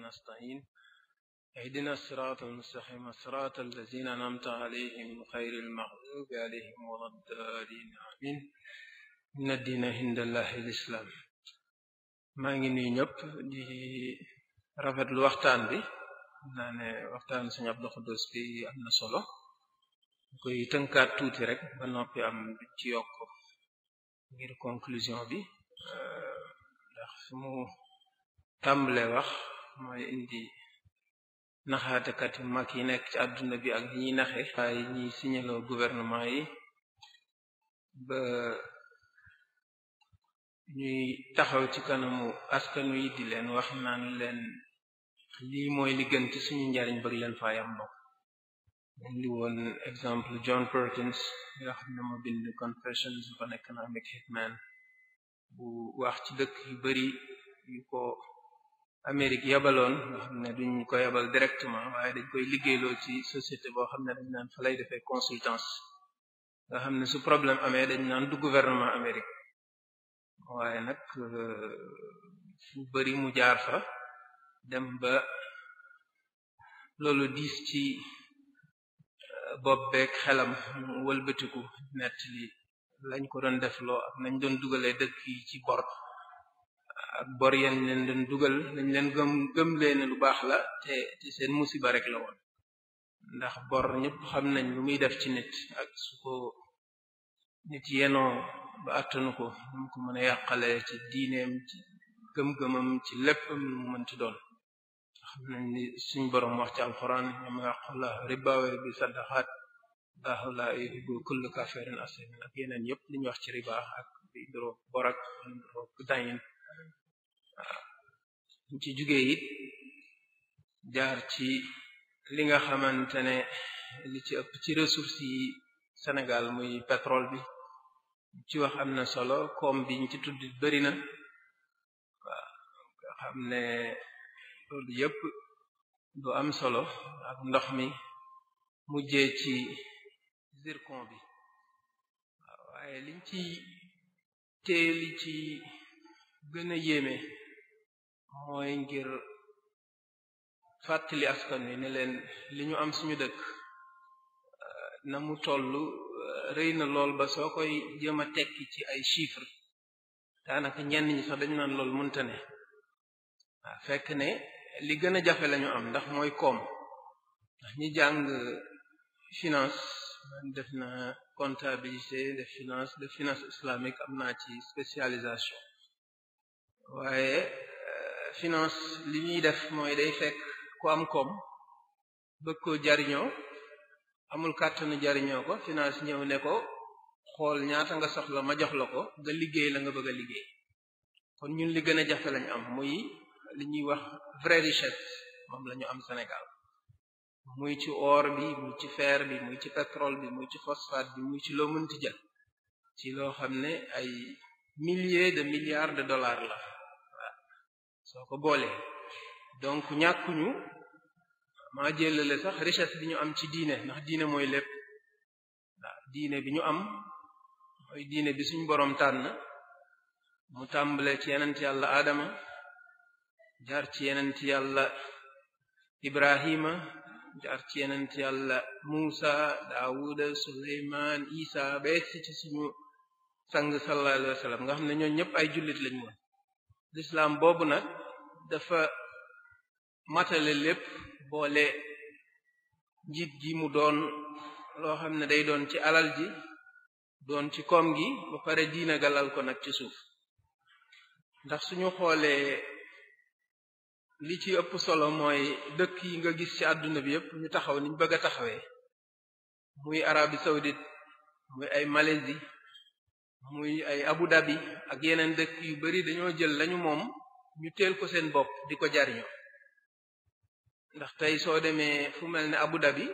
اهدنا الصراط المستقيم صراط الذين أنعمت عليهم غير المغضوب عليهم ولا الضالين آمين إن الدين عند الله maa ngi nuyu ñëpp di rafetlu waxtaan bi naa ne waxtaan Sëriñ Abdou bi am na solo koy tënkaat tuuti rek ba noppi am ci ngir conclusion bi euh, ndax su mu tàmbalee wax indi naxaatekat yu mag yi nekk ci àdduna bi ak ñiy naxe ay ñiy signaloo gouvernement yi ba ñuy taxaw ci kanamu askanu yi di leen wax naan leen lii mooy li gën ci suñu njariñ bëgg leen faa yàmboo indi woon exemple John Perkins nga xam ne bind Confessions of bu wax ci dëkk yu bari yu Amérique yabaloon nga xam ne duñ ko yabal directement waaye dañ koy liggéeyloo ci société boo xam ne dañ naan fa lay defee consultance nga xam ne su problème amee dañ naan du gouvernement Amérique waaye nag euh, fu bari mu jaar fa dem ba loolu diis ci euh, bopp beeg xelam wëlbatiku nett li lañ ko doon defloo ak nañ doon dugalee dëkk yi ci bor ak bor yañ leen leen dugal dañ leen gëm gëm leen lu baax la te te seen musiba rek la woon ndax bor ñëpp xam nañ lu muy def ci nit ak su ko nit yenoo ba attanu ko mu ko mën a yàqale ci diineem ci gëm-gëmam ci léppam lu mu mënti doon xam nañ ni suñ borom wax ci alquran ñoom yàqula riba wa ribi sadaqat allahu la yuhibbu kullu kafirin asim ak yeneen yëpp liñ wax ci riba ak bi ndroog bor ak ndroog buñ ci jugee it jaar ci li nga xamante ne li ci ëpp ci ressources yi Sénégal muy pétrole bi ci wax am na solo koom biñ ci tudd bari na waaw nga xam ne loolu yépp du am solo ak ndox mi mujjee ci zircon bi waaw waaye liñ ci teeli ci gën a yéeme mooy ngir fàttali askan wi ne leen li ñu am suñu dëkk eh, na mu toll eh, rëy na lool ba soo koy jëm a tekki ci ay chiffre daanaka ñenn ñi sax dañu naan lool mënta ne waaw fekk ne li gën a jafe lañu am ndax mooy koom ndax ñi jàng finance man def na comptabilité def finance de finance islamique am naa ci spécialisation waaye finance li ñuy def mooy day fekk ku am koom bëgg ko jariñoo amul kàttanu jariñoo ko finance ñëw ne ko xool ñaata nga soxla ma jox la ko nga liggéey la nga bëgg a liggéey kon ñun li gën a jafe lañu am muy li ñuy wax vrai richesse moom lañu am Sénégal muy ci or bi muy ci feer bi muy ci pétrole bi muy ci phosphate bi muy ci loo mënti jël ci loo xam ne ay milliers de milliards de dollars la soo ko boolee donc ñàkkuñu maa jëlale sax richesse bi ñu am ci diine ndax diine mooy lépp waaw diine bi ñu am mooy diine bi suñu boroom tànn mu tàmbale ci yenent yàlla Adama jaar ci yenent yàlla Ibrahima jaar ci yenent yàlla Musa Daawuda Suleymaan Isa bees ci suñu sang sallallahu alayhi nga xam ne ñoo ñëpp ay jullit lañu woon boobu nag dafa matale lépp boole njiit gi mu doon loo xam ne day doon ci alal ji doon ci koom gi ba pare diina galal ko nag ci suuf ndax su ñu xoolee li ci ëpp solo mooy dëkk yi nga gis ci àdduna bi yëpp ñu taxaw niñ bëgg a taxawee muy Arabie saoudite muy ay Malaisie muy ay Abu Dhabi ak yeneen dëkk yu bari dañoo jël lañu moom ñu teel ko seen bopp di ko jariñoo ndax tey soo demee fu mel ni Abu Dhabi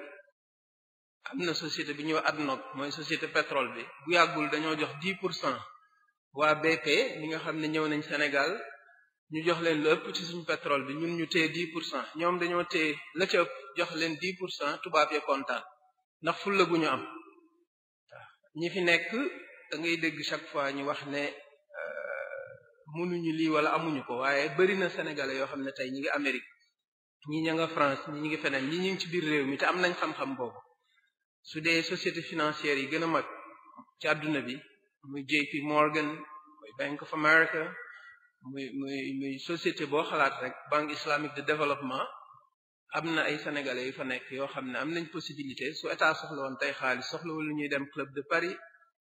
am na société bi ñuy ADNOC mooy société petrole bi bu yàggul dañoo jox 10 cent waa BP ñi nga xam ne ñëw nañ Sénégal ñu jox leen lu ëpp ci suñu pétrole bi ñun ñu téye 10 pour cent ñoom dañoo téye la ca ëpp jox leen 10 pour cent tubaab ya kontaan ndax fulla gu ñu am ñi fi nekk dangay dégg chaque fois ñu wax ne mënuñu lii wala amuñu ko waaye bari na sénégalais yoo xam ne tey ñi ngi Amérique ñi ña nga France ñi ngi feneen ñi ñu ngi ci biir réew mi te am nañ xam-xam boobu su dee société financière yi gën a mag ci àdduna bi muy JP Morgan muy Bank of America muy muy muy société boo xalaat rek Banque islamique de développement am na ay sénégalais yu fa nekk yoo xam ne am nañ possibilité su état soxla woon tey xaalis soxlawul lu ñuy dem club de Paris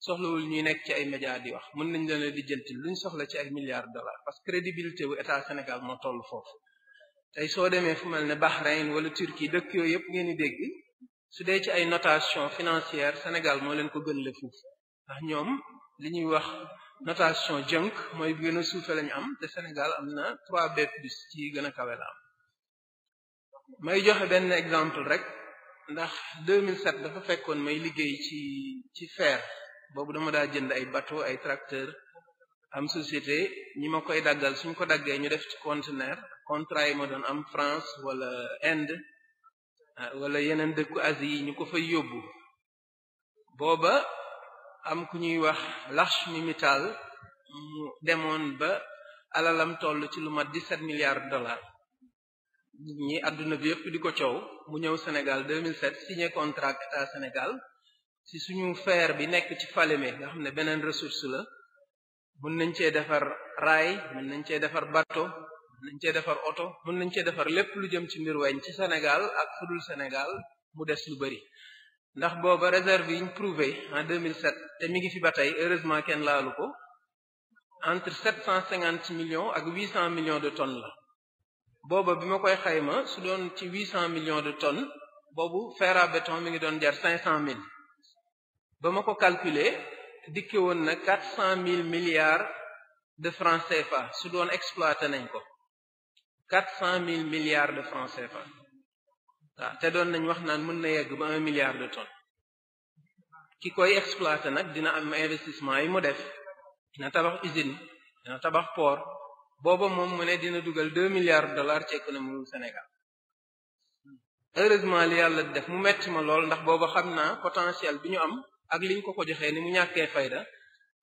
soxlawul ñuy nekk ci ay médias di wax mën nañ leen di jënti luñ soxla ci ay milliards dollars parce que crédibilité bu état Sénégal moo toll foofu tey soo demee fu mel ne Bahreïn wala Turquie dëkk yooyu yëpp ngeen di dégg su dee ci ay notation financière Sénégal moo leen ko gën le fuuf ndax ñoom li ñuy wax notation junk mooy bi gën a suufe lañu am te Sénégal am na 3B plus ci gën a kawe la am may joxe benn exemple rek ndax 2007 dafa fekkoon may liggéey ci ci fer boobu dama daa jënd ay bateau ay tracteur am société ñi ma koy daggal suñ ko daggee ñu def ci conteneur yi ma doon am France wala Inde ah, wala yeneen dëkku Asie yi ñu ko fay yóbbu booba am ku ñuy wax Lakshmi Mittal mu demoon ba alalam toll ci lu mat dix-sept milliards de dollars ñi àdduna bi yëpp di ko coow mu ñëw Sénégal 2007 signé contrat État Sénégal ci suñu fer bi nekk ci Falémé nga xam ne beneen ressource la mun nañ cee defar raay mën nañ cee defar bateau mën nañ cee defar oto mën nañ cee defar lépp lu jëm ci mbir weñ ci Sénégal ak fudul Sénégal mu des lu bari ndax booba réserve yi ñu prouvé en 2007 te mi ngi fi ba tey heureusement kenn laalu ko entre 750 millions ak 800 millions de tonne la booba bi ma koy xayma su doon ci 800 millions de tonne boobu fer à mi ngi doon jar 500 mille ba ma ko calculer dikke woon na quatre cent mille milliards de francs CFA su doon exploité nañ ko quatre cent mille milliards de francs CFA te doon nañ wax naan mën na yegg ba un de tonnes ki koy exploité nag dina am investissement yi mu def na tabax usine dina tabax port booba moom mu ne dina dugal deux milliards de dollars ci économie Sénégal heureusement li yàlla di def mu metti ma lool ndax booba xam naa potentiel bi ñu am ak liñ ko ko joxee ni mu ñàkkee fayda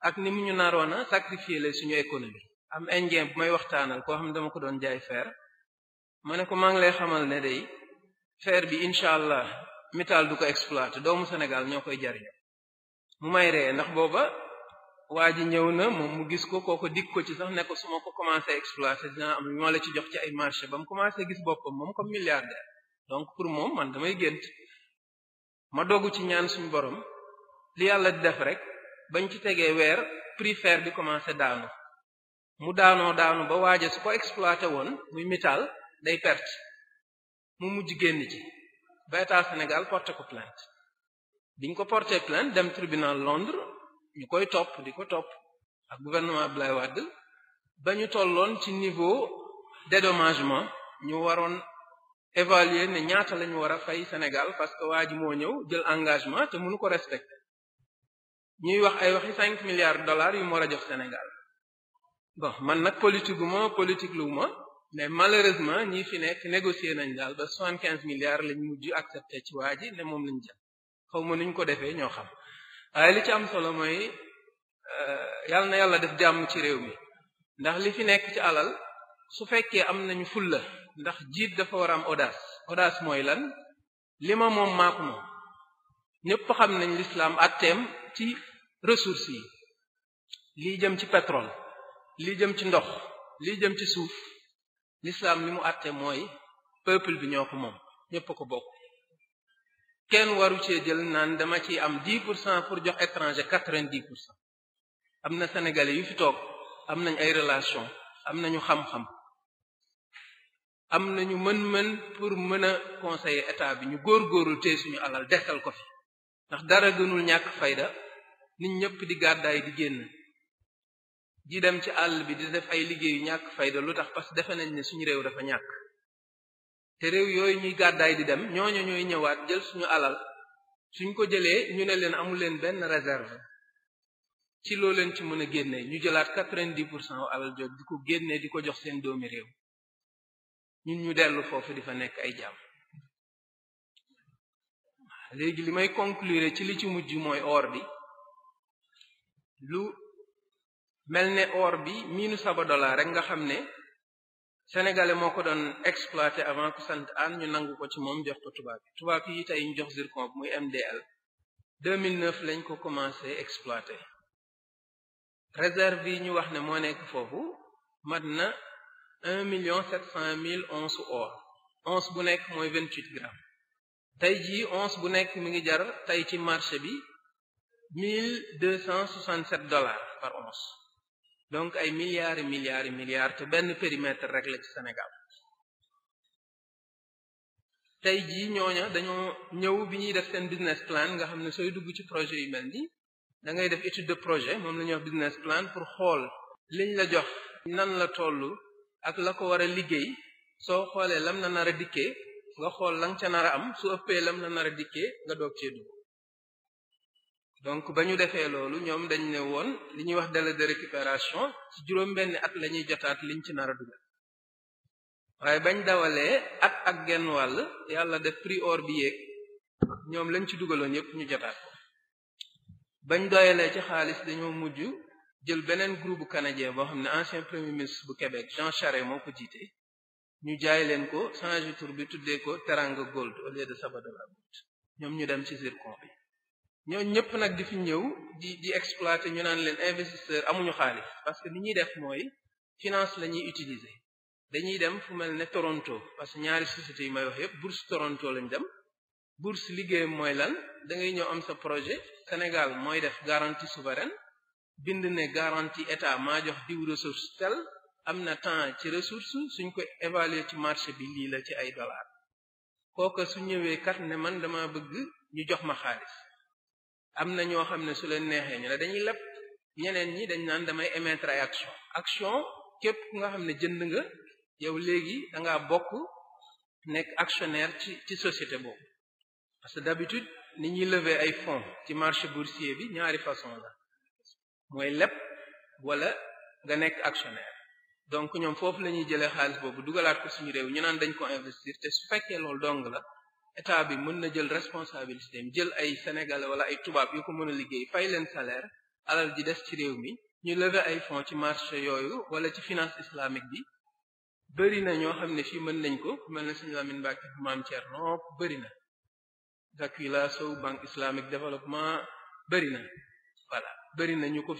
ak ni mu ñu naroon a sacrifier la suñu économie am indien bu may waxtaanal koo xam ne dama ko doon jaay fer ma ne ko maa ngi lay xamal ne day fer bi incha allah métal du ko exploiter doomu Sénégal ñoo koy jariñoo mu may ree ndax booba waa ji ñëw na moom mu gis ko kooko dig ko ci sax ne ko ko commencé exploiter dina am ñoo la ci jox ci ay marché ba mu commencé gis boppam moom comme milliardaire donc pour moom man damay gént ma dogg ci ñaan suñu borom li yàlla di def rek bañ ci tegee weer prix fer bi commencé daanu mu daanoo daanu ba waaja su ko exploité woon muy métal day perte mu mujj génn ci ba état Sénégal porté ko plainte diñ ko porte plainte dem tribunal Londres ñu koy topp di ko topp ak gouvernement Abdoulaye Wade ba ñu tolloon ci niveau dédomagement ñu waroon évaluer ne ñaata la ñu war a fay Sénégal parce que waa ji moo ñëw jël engagement te mënu ko respecter ñuy wax ay waxi cinq milliards dollars yu mu war a jox Sénégal bon man nag politique gu ma politique lu ma mais malheureusement ñi fi nekk négocier nañ daal ba soixante quinze milliards lañ mujj accepté ci waa ji ne moom lañ jël xaw ma nuñ ko defee ñoo xam waaye li ci am solo mooy euh, yàlla na yàlla def jàmm ci réew mi ndax li fi nekk ci alal su fekkee am nañu la ndax jiit dafa war a am audace mooy lan li moom maaku ñépp xam nañ lislaam atteem ci ressources yi lii jëm ci pétrole li jëm ci ndox lii jëm ci suuf lislaam li mu atte mooy peuple bi ñoo ko moom ñëpp ko bokk kenn waru cee jël naan dama ci am 10 pour cent pour jox étranger 90 pour cent am na sénégalais yu fi toog am nañ ay relation am nañu xam-xam am nañu mën-mën pour mën a conseiller état bi ñu góor góorul te suñu alal desal ko fi ndax dara gënul ñàkk fayda nit ñëpp di gàddaay di génn di dem ci àll bi di def ay liggéeyu ñàkk fayda lu tax parce que defe nañ ne suñu réew dafa ñàkk te réew yooyu ñuy gàddaay di dem ñooñu ñooy ñëwaat jël suñu alal suñ ko jëlee ñu ne leen amul leen benn réserve ci loo leen ci mën a génne ñu jëlaat quatre-vingt-dix pour cent alal jot ko génne di ko jox seen doomi réew ñun ñu dellu foofu di fa nekk ay jàmm léegi li may conclure ci li ci mujj mooy or bi lu mel ne or bi miinu saba dollar rek nga xam ne sénégalais moo ko doon exploité avant ku sant an ñu nangu ko ci moom jox ko tubaab bi tubaab yi tey ñu jox zircon bi muy MDL 2009 lañ ko commencé exploité réserve yi ñu wax ne moo nekk foofu mat na un million sept mille once or once bu nekk mooy vingt-huit grammes tey jii once bu nekk mi ngi jar tey ci marché bi mille deux cent soixante sept dollars par once donc ay milliards et milliards et te benn périmètre rek la ci Sénégal tey jii ñooña dañoo ñëw bi ñuy def seen business plan nga xam ne sooy dugg ci projet yu mel ni da ngay def étude de projet moom la ñuy wax business plan pour xool liñ la jox nan la tollu ak la ko war a liggéey soo xoolee lam na nar a dikkee nga xool lang ca nar am su ëppee lam la nar a dikkee nga doog cee dugg donc ba ñu defee loolu ñoom dañ ne woon li ñuy wax dell de récupération ci juróom-benn at la ñuy jotaat liñ ci nar a dugal waaye bañ dawalee at ak genn wàll yàlla def prix or bi yéeg ñoom lañ ci dugaloon yépp ñu jotaat ko bañ doyalee ci xaalis dañoo mujj jël beneen groupe canadien boo xam ne ancien premier ministre bu Québec Jean Charest moo ko jiitee ñu jaay leen ko changé tur bi tuddee ko Teranga Gold au lieu de Sabodala Gold ñoom ñu dem ci zircon bi ñoo ñëpp nag di fi ñëw di di ñu naan leen investisseur amuñu xaalis parce que li ñuy def mooy finance la ñuy utiliser dañuy dem fu mel ne Toronto parce que ñaari société yi may wax yëpp bourse Toronto lañ dem bourse liggéeyam mooy lan da ngay ñëw am sa projet Sénégal mooy def garantie souveraine bind ne garantie état maa jox diw ressource tel am na temps ci ressource suñ ko évaluer ci marché bi lii la ci ay dollars kooka su ñëwee kat ne man dama bëgg ñu jox ma xaalis am na ñoo xam ne su leen neexee ñu ne dañuy leb ñeneen ñi dañ naan damay émettre ay action action képp nga xam ne jënd nga yow léegi da ngaa bokk nekk actionnaire ci ci société boobu parce que d'habitude ni ñuy lever ay fonds ci marché boursier bi ñaari façon la mooy leb wala nga nekk actionnaire donc ñoom foofu la ñuy jëlee xaalis boobu dugalaat ko suñu réew ñu naan dañ ko investir te su fekkee loolu dong la état bi mën na jël responsabilité am jël ay sénégalais wala ay tubaab yu ko mën a liggéey fay leen salaire alal di des ci réew mi ñu lever ay fonds ci marché yooyu wala ci finance islamique bi bëri na ñoo xam ne fii mën nañ ko mel na suñu Lamine Mbacke maam Thierno bëri na Zakila Sow banque islamique développement bëri na voilà ñu ko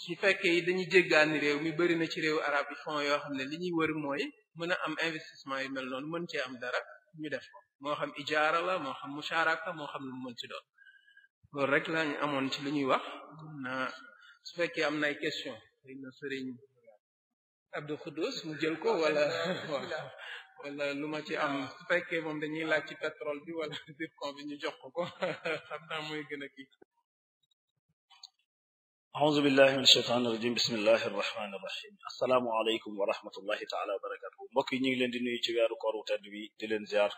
su fekkee yi dañuy jéggaani réew mi bëri na ci réew arab yi fonds yoo xam ne li ñuy wër mooy mën a am investissement yi mel noonu mën cee am dara ñu def ko moo xam ijaara la moo xam musharaka moo xam lu mën ci doon loolu rek lañu amoon ci li ñuy wax na su fekkee am na ay question xëy na sëriñ Abdou Khoudous mu jël ko wala wala lu ma ci am su fekkee moom dañuy laaj ci pétrole bi wala zircon bi ñu jox ko ko xam naa mooy gën a kii auzu billahi min shaytaani rajim bismillahi arrahmani irrahim assalaamu aleykum wa rahmatullahi taala wa barakatuhu mbokk yi ñu ngi leen di nuyu ci weeru koor wu tedd bi di leen ziar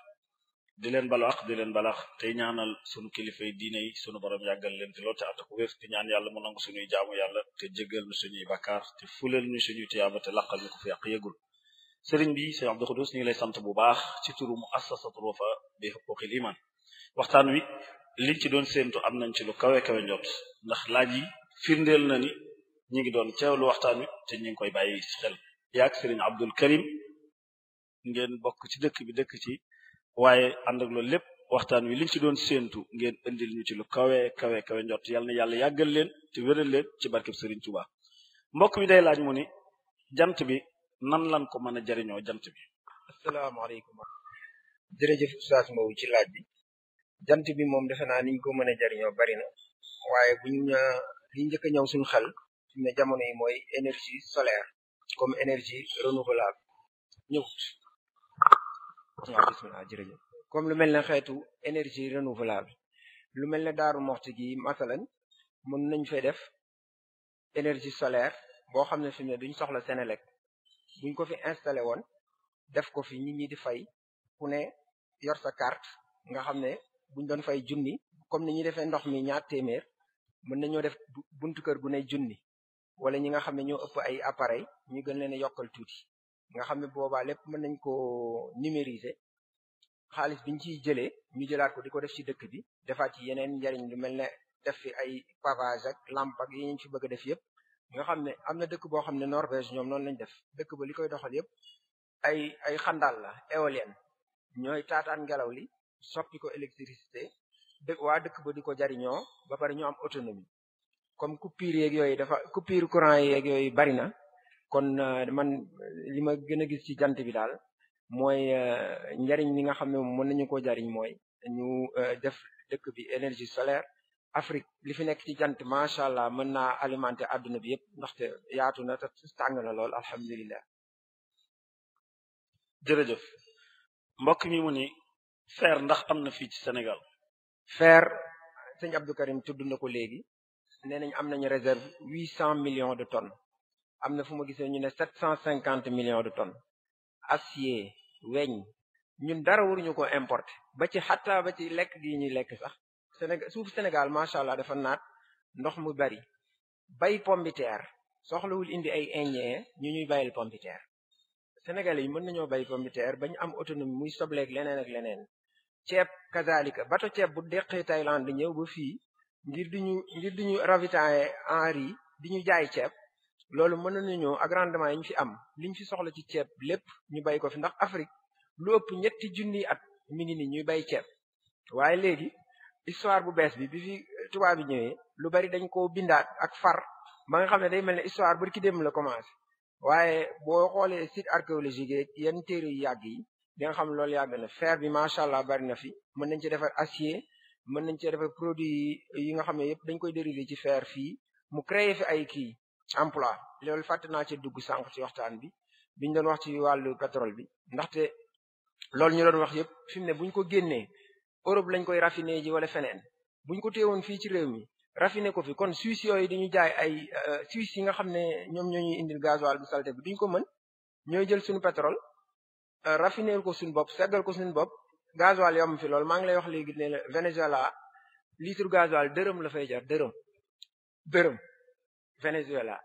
di leen balaax di leen balaax tey ñaanal sunu kilifay diine yi sunu borom yàggal leen te lool te àttaku wér te ñaan yàlla mu nangu suñuy jaamu yàlla te jéggal ñu suñuy bakkaar te fulal ñu suñuy tiyaaba te laqal ñu ko fi yàq yëgul sëriñ bi sëriñ Abdou Khoudous ñu ngi sant bu baax ci turu muassasatu Wafa bi huquqil iman waxtaan wi liñ ci doon séentu am nañ ci lu kawe kawe njot ndax laaj yi firndeel na ni ñu ngi doon teewlu waxtaan wi te ñu koy bàyyi xel yaag sëriñ Abdul Karim ngeen bokk ci dëkk bi dëkk ci waaye ànd ak lépp waxtaan wi liñ ci doon séentu ngeen indil ñu ci lu kawe kawe kawe njort yal yàlla yàggal leen te wéral leen ci barkeb sëriñ Touba mbokk bi day laaj mu ni jant bi nan lan ko mën a jariñoo jant bi asalaamaaleykum jërëjëf Oustaz Mbow ci laaj bi jant bi moom defe naa niñ ko mën a jariñoo bari na waaye li njëkk a ñëw suñu xel fi ne jamono yi mooy énergie solaire comme énergie renouvelable ñëwut comme lu mel ne xeetu énergie renouvelable lu mel ne daaru moxti gi masalan mën nañ fay def énergie solaire boo xam ne fi mu ne duñ soxla Senelec ko fi installé woon def ko fi nit ñi di fay ku ne carte nga xam ne buñ doon fay junni comme ni ñuy defee ndox mi ñaar téeméer mën nañoo def buntu kër gu ne junni wala ñi nga xam ne ñoo ëpp ay appareil ñu gën leen a yokkal tuuti nga xam ne boobaa lépp mën nañ ko numériser xaalis biñ ciy jëlee ñu jëlaat ko di ko def ci dëkk bi defaat ci yeneen njariñ lu mel ne def fi ay pavage ak lampe ak yi ñu fi bëgg a def yëpp nga xam ne am na dëkk boo xam ne Norvège ñoom noonu lañ def dëkk ba li koy doxal yëpp ay ay xandal la éolienne ñooy taataan ngelaw li soppi ko électricité dëkk waa dëkk ba di ko jariñoo ba pare ñu am autonomie comme coupure yeeg yooyu dafa coupure courant yeeg yooyu bari na kon euh, man li ma gën a gis ci jant bi daal mooy euh, njariñ li nga xam ne mën nañu ko jariñ mooy ñu euh, def dëkk bi énergie solaire Afrique li fi nekk ci jant macha allah mën naa alimenter adduna bi yëpp ndaxte yaatu na te tàng na lool alhamdulillah. jërëjëf mbokk mi mu ni ndax am na fii ci Sénégal. fer sëñ Abdou Karim na ko léegi nee nañ am nañu réserve huit cent million de tonnes am na fu ma gisee ñu ne sept cent cinquante millions de tonnes acier weñ ñun dara waruñu ko importer ba ci xataa ba ci lekk gi ñuy lekk sax Sénégal suuf Sénégal macha allah dafa naat ndox mu bari bay soxla wul indi ay indien ñu ñuy bayal pombiteer Sénégalais yi mën nañoo bay pombiteer ba ñu am autonomie muy sobleeg leneen ak leneen ceeb kazalika bato ceeb bu deqee Thaïlande ñëw ba fii ngir di ngir di ñu ravitailler en riz di ñu jaay ceeb loolu mën nañu ak rendement yi ñu fi am li ñu fi soxla ci ceeb lépp ñu bay ko fi ndax Afrique lu ëpp ñetti junniy at mi ngi ni ñuy bay ceeb waaye léegi histoire bu bees bi bi fi tubaab bi ñëwee lu bari dañ ko bindaat ak far ba nga xam ne day mel ne histoire bu ki dem la commencé waaye boo xoolee site archéologique yenn téere yu yàgg yi di nga xam loolu yàgg na feer bi macha allah bari na fi mën nañ ci defar acier mën nañ ci defar produit yi nga xam ne yëpp dañ koy dérivé ci fer fii mu créé fi ay kii emploi loolu fàtte naa ci dugg sànq ci waxtaan bi biñ doon wax ci wàllu pétrole bi ndaxte loolu ñu doon wax yëpp fi ne buñ ko génnee Europe lañ koy rafine ji wala feneen buñ ko téewoon fii ci réew mi raffiné ko fi kon Suisse yooyu dañu jaay ay euh, Suisse yi nga xam ne ñoom ñoo ñuy indil gasoil bu salté bi duñ ko mën ñooy jël suñu pétrole raffiner ko suñu bopp seggal ko suñu bopp gasoil yom fi loolu maa ngi lay wax léegi ne la Venezuela litre gasoil dërëm la fay jar dërëm dërëm Venezuela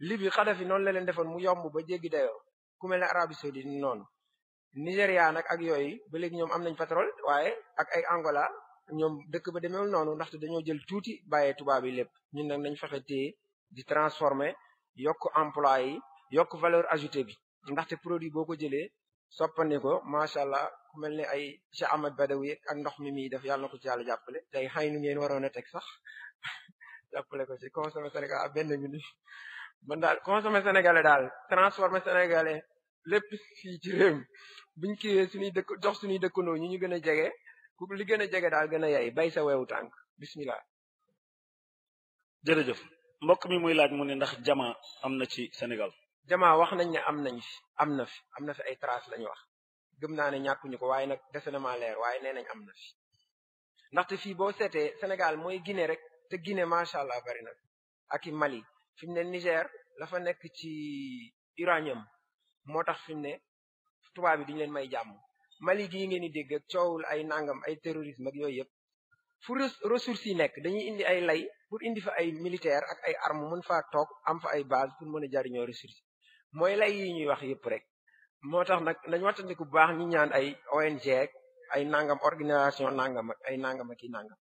Libye Kadhafi noonu la leen defoon mu yomb ba jéggi dayoo ku mel ne Arabie saoudite noonu Nigéria nag ak yooyu ba léegi ñoom am nañ pétrole waaye ak ay Angola ñoom dëkk ba demeewul noonu ndaxte dañoo jël tuuti bàyyee tubaab yi lépp ñun nag nañ fexe téye di transformer yokk emploi yi yokk valeur ajoutée bi ndaxte produit boo ko jëlee soppandiko macha allah ku mel ne ay Cheikh Ahmad Badawi ak ndox mi muy def yàlla ko ci yàlla jàppale tey xëy nu ngeen waroon a teg sax jàppale ko ci consommer Sénégal à ah, benn minute man daal consommer sénégalais daal transformer sénégalais lépp fii ci réew buñ kiiwee suñuy dëkk jox suñuy dëkkandoo ñu ñu gën a jege ku li gën a jege daal gën a yay bay sa wewu tànk bismillah jërëjëf mbokk mi muy laaj mu ne ndax jama am na ci Sénégal jamaa wax nañ ne am nañ fi am na fi am na fi ay traces lañu wax gëm naa ne ñàkkuñu ko waaye nag dese na ma leer waaye nee nañ am na fi ndaxte fii boo seetee Sénégal mooy Guinée rek te Guinée macha allah bari na ak i Mali fi ne Niger lafa fa nekk ci uranium moo tax fi mu ne tubaab yi duñu may jàmm Mali gii ngeen di dégg ak ay nangam ay terrorisme ak yooyu yëpp fu ressources yi nekk dañuy indi ay lay pour indi fa ay militaire ak ay armes mën faa toog am fa ay base pour mën a jariñoo ressources mooy lay yi ñuy wax yëpp rek moo tax nag nañ wattandiku bu baax ñi ñaan ay ONG ak ay nangam organisation nangam ay nangam ak i nangam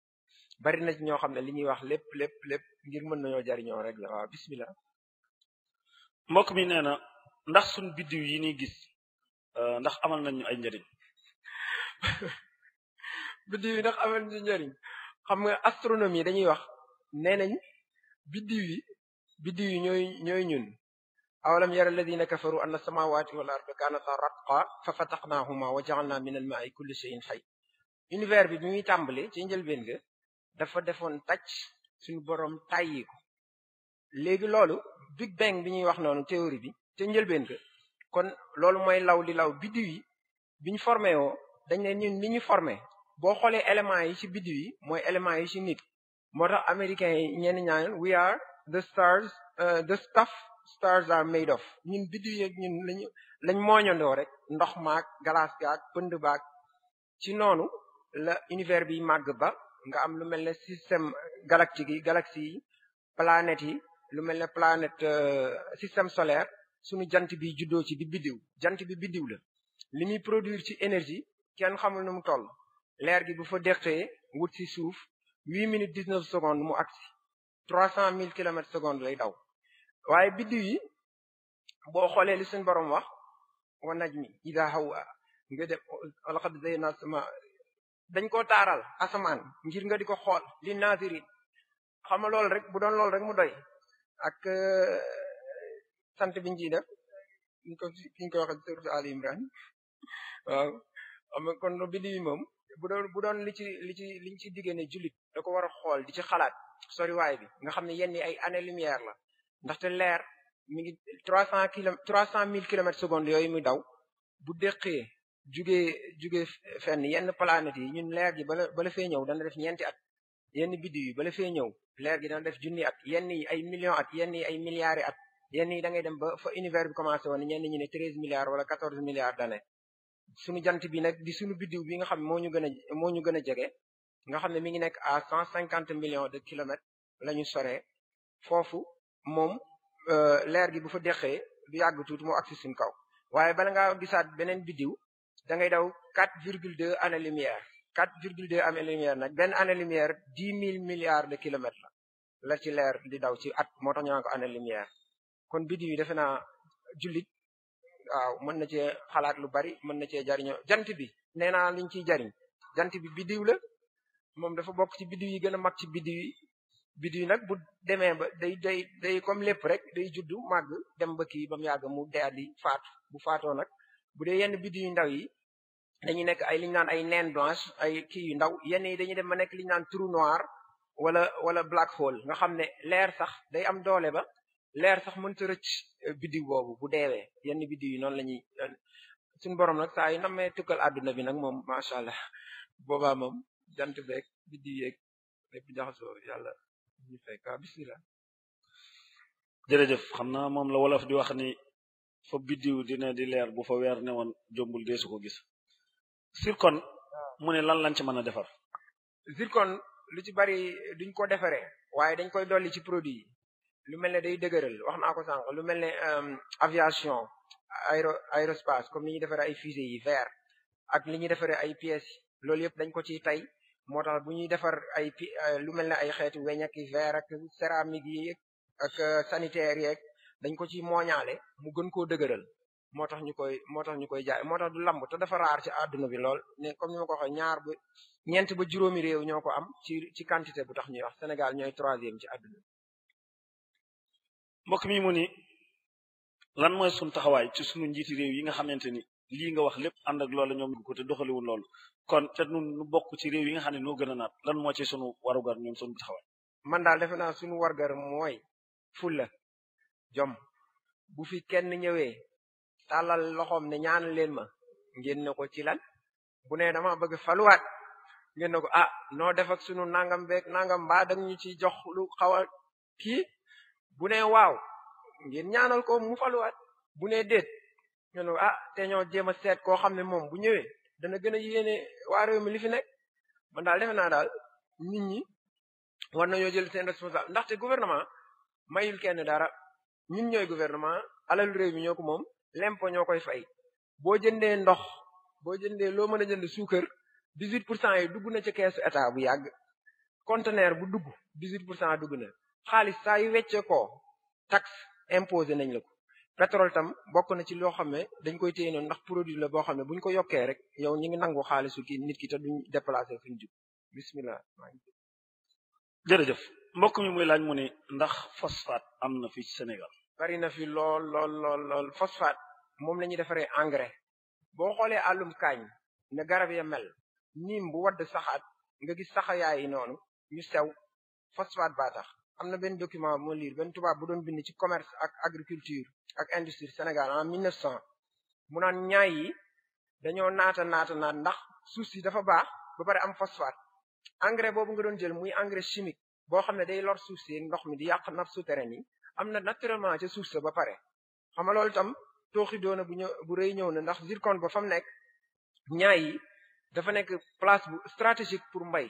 bari na ci ñoo xam ne li ñuy wax lépp lépp lépp ngir mën nañoo jariñoo rek la waaw bismillah mbokk mi nee na ndax suñ biddiw yi ni gis euh, ndax amal nañu ay njariñ biddiw yi ndax amal nañu njariñ xam nga astronomie dañuy wax nee nañ biddiw yi biddiw yi ñooy ñooy ñun awalam yara alladina kafaru anna samawati wal arda kanata ratqa fa fataqnahuma wa ja'alna min al ma'i ay shay'in hayy univers bi bi muy tàmbali ci njëlbeen ga dafa defoon tàcc suñu boroom tàyyi léegi loolu big bang bi ñuy wax noonu théorie bi ci njëlbeen ga kon loolu mooy law li law biddiw yi biñ formé woo dañ ne ñun ni ñu boo xoolee éléments yi ci biddiw yi mooy éléments yi ci nit moo tax américains yi ñenn ñaan we are the stars euh, the stuff stars are made of ñun biddiw yeeg ñun lañu lañ mooñandoo rek ndox maag glace gaag pënd baag ci noonu la univers bi màgg ba nga am lu mel ne système galactique yi galaxie yi planètes yi lu mel ne planète euh, système solaire suñu jant bi juddoo ci di biddiw jant bi biddiw la li muy produire ci énergie kenn xamul nu mu toll leer gi bu fa deqee wut ci suuf huit minutes dix-neuf secondes mu agsi trois cent mille kilomètres secondes lay daw waaye biddiw yi boo xoolee li suñ borom wax wa najmi ida hawa nga def laqad zayyana sama dañ koo taaral asamaan ngir nga di ko xool li nazirin xam nga loolu rek bu doon loolu rek mu doy ak euh, sant biñ ciy def ñu ko ñu ko waxee surtout Ali Imran waaw xam kon biddiw yi moom bu doon bu doon li ci li ci liñ ci diggee ne jullit da ko war a xool di ci xalaat soriwaay bi nga xam ne yenn ay année lumière la ndaxte leer mi ngi trois cent kilomètres trois cent mille kilomètres secondes yooyu muy daw bu déqee jugee juge fenn yenn planètes yi ñun leer gi bala bala fee ñëw dana def ñeenti at yenn biddiw yi bala fee ñëw leer gi dana def junni at yenn yi ay millions at yenn yi ay milliards at yenn yi da ngay dem ba fa univers bi commencé woon ñenn ñi ne treize milliards wala quatorze milliards d'années suñu jant bi nag di suñu biddiw bi nga xam moo ñu gën a moo ñu gën a jege nga xam ne mi ngi nekk à cent cinquante millions de kilomètres la ñu soree moom euh, leer gi bu fa deqee du yàgg tuuti moo agsi suñ kaw waaye bala ngaa gisaat beneen dangay da ngay daw 4,2 année lumière 4,2 année lumière na benn année lumière 10 mille milliards de kilomètres la ci leer di daw ci at moo tax ñu lumière kon biddiw yi defe naa jullit waaw mën na cee xalaat lu bari mën na cee jariñoo jant bi nee naa liñ ciy jariñ bi biddiw la moom dafa bokk ci biddiw yi gën ci biddiw biddiw nag bu demee ba day day day comme lépp rek day juddu màgg dem ba ki ba mu yàgg mu day di faatu bu faatoo nag bu dee yenn biddiw yu ndaw yi dañuy nekk ay li ay naine blanche ay kii yu ndaw yenn yi dañuy dem ba nekk li ñu naan trou wala wala black hole nga xam ne leer sax day am doole ba leer sax mënta rëcc euh, biddiw boobu bu deewee yenn biddiw yi noonu la ñuy euh, suñu borom nag saa yu ma tukal àdduna bi nag moom macha allah boobaa moom jant beeg biddiw yeeg lépp jaxasoo yàlla ñu fay ka bismillah jërëjëf xam naa moom la wolof di wax ni fa biddiw dina di leer bu fa weer ne woon jombul deesu ko gis zircon mu ne lan lañ ci mën a defar zircon lu ci bari duñ ko defaree waaye dañ koy dolli ci produit yi lu mel ne day dëgëral wax naa ko sànq lu mel ne euh, aviation aéro aérospace comme ni ñuy defaree ay fusées yi verre ak li ñuy defaree ay pièces loolu yëpp dañ ko ciy tay moo tax bu ñuy defar ay lu mel ne ay xeetu weñ ak verre ak céramique yi ak euh, sanitaire yeeg dañ ko ci mooñaale mu gën koo dëgëral moo tax ñu koy moo tax ñu koy jaay moo tax du lamb te dafa ci àdduna bi lool ne comme ni ma ko waxee ñaar ba ñeent ba juróomi réew ñoo ko am ci ci quantité bu tax ñuy wax Sénégal ñooy troisième ci àdduna bi. mbokk mi mu ni lan mooy sunu taxawaay ci sunu njiiti réew yi nga xamante ni lii nga wax lépp ànd ak loola ñoom ko te doxaliwul loolu kon te nun nu bokk ci réew yi nga xam ne noo gën a naat lan moo ci sunu warugar ñoom sunu taxawaay man daal defe naa sunu warugar mooy fulla jom bu fi kenn ñëwee tàllal loxoom ne ñaan leen ma ngeen ne ko ci lan bu ne dama bëgg faluwaat ngeen ne ko ah noo def ak sunu nangam beeg nangam ba dag ñu ci jox lu xaw a kii bu ñaanal ko mu faluwaat bu ne déet ñu ne ah te ñoo jéem a seet koo xam ne moom bu ñëwee dana gën a yéene waa réew mi li fi nekk man daal defe naa daal nit ñi war nañoo jël seen responsable ndaxte gouvernement mayul kenn dara ñun ñooy gouvernement alal réew mi ñoo ko moom lempo ñoo koy fay boo jëndee ndox boo jëndee loo mën a jënd suukar 18 pour cent yi dugg na ci kees état bu yàgg conteneur bu dugg 18 pour cent dugg na xaalis saa yi wecce ko taxe imposé nañ la ko pétrole tam bokk na ci loo xam ne dañ koy téye noonu ndax produit la boo xam ne bu ñu ko yokkee rek yow ñi ngi nangu xaalisu ki nit ki te duñ déplacé fi jub bismillah jërëjëf mbokk mi muy laaj mu ne ndax phosphate am na fii ci Sénégal. na fi lool lool lool lool phosphate moom la ñuy defaree engrais boo xoolee àllum kaañ ne garab ya mel niim bu wadd saxaat nga gis saxayaay yi noonu ñu sew phosphate baa tax am na benn document moo liir benn tubaab bu doon bind ci commerce ak agriculture ak industrie Sénégal en cent mu naan ñaay yi dañoo naata naata naat ndax suuf si dafa baax ba pare am phosphate engrais boobu nga doon jël muy engrais chimique boo xam ne day lor suuf si ndox mi di yàq nappe souterraine yi am na naturellement ca suuf sa ba pare xam nga loolu itam tooxi doona bu ñëw bu rëy ñëw na ndax zircon ba fa nekk ñaay yi dafa nekk place bu stratégique pour mbay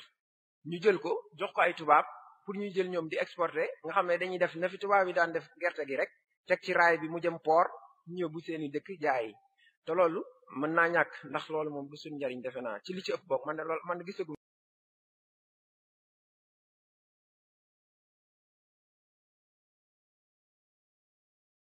ñu jël ko jox ko tubaab pour ñu jël ñoom di exporter nga xam ne dañuy def na fi yi daan def gerte gi rek teg ci raay bi mu jëm port ñëw bu seeni dëkk jaayi te loolu mën naa ñàkk ndax loolu moom du suñu njariñ defe naa ci li ci ëpp bokk man de loolu man de gisagu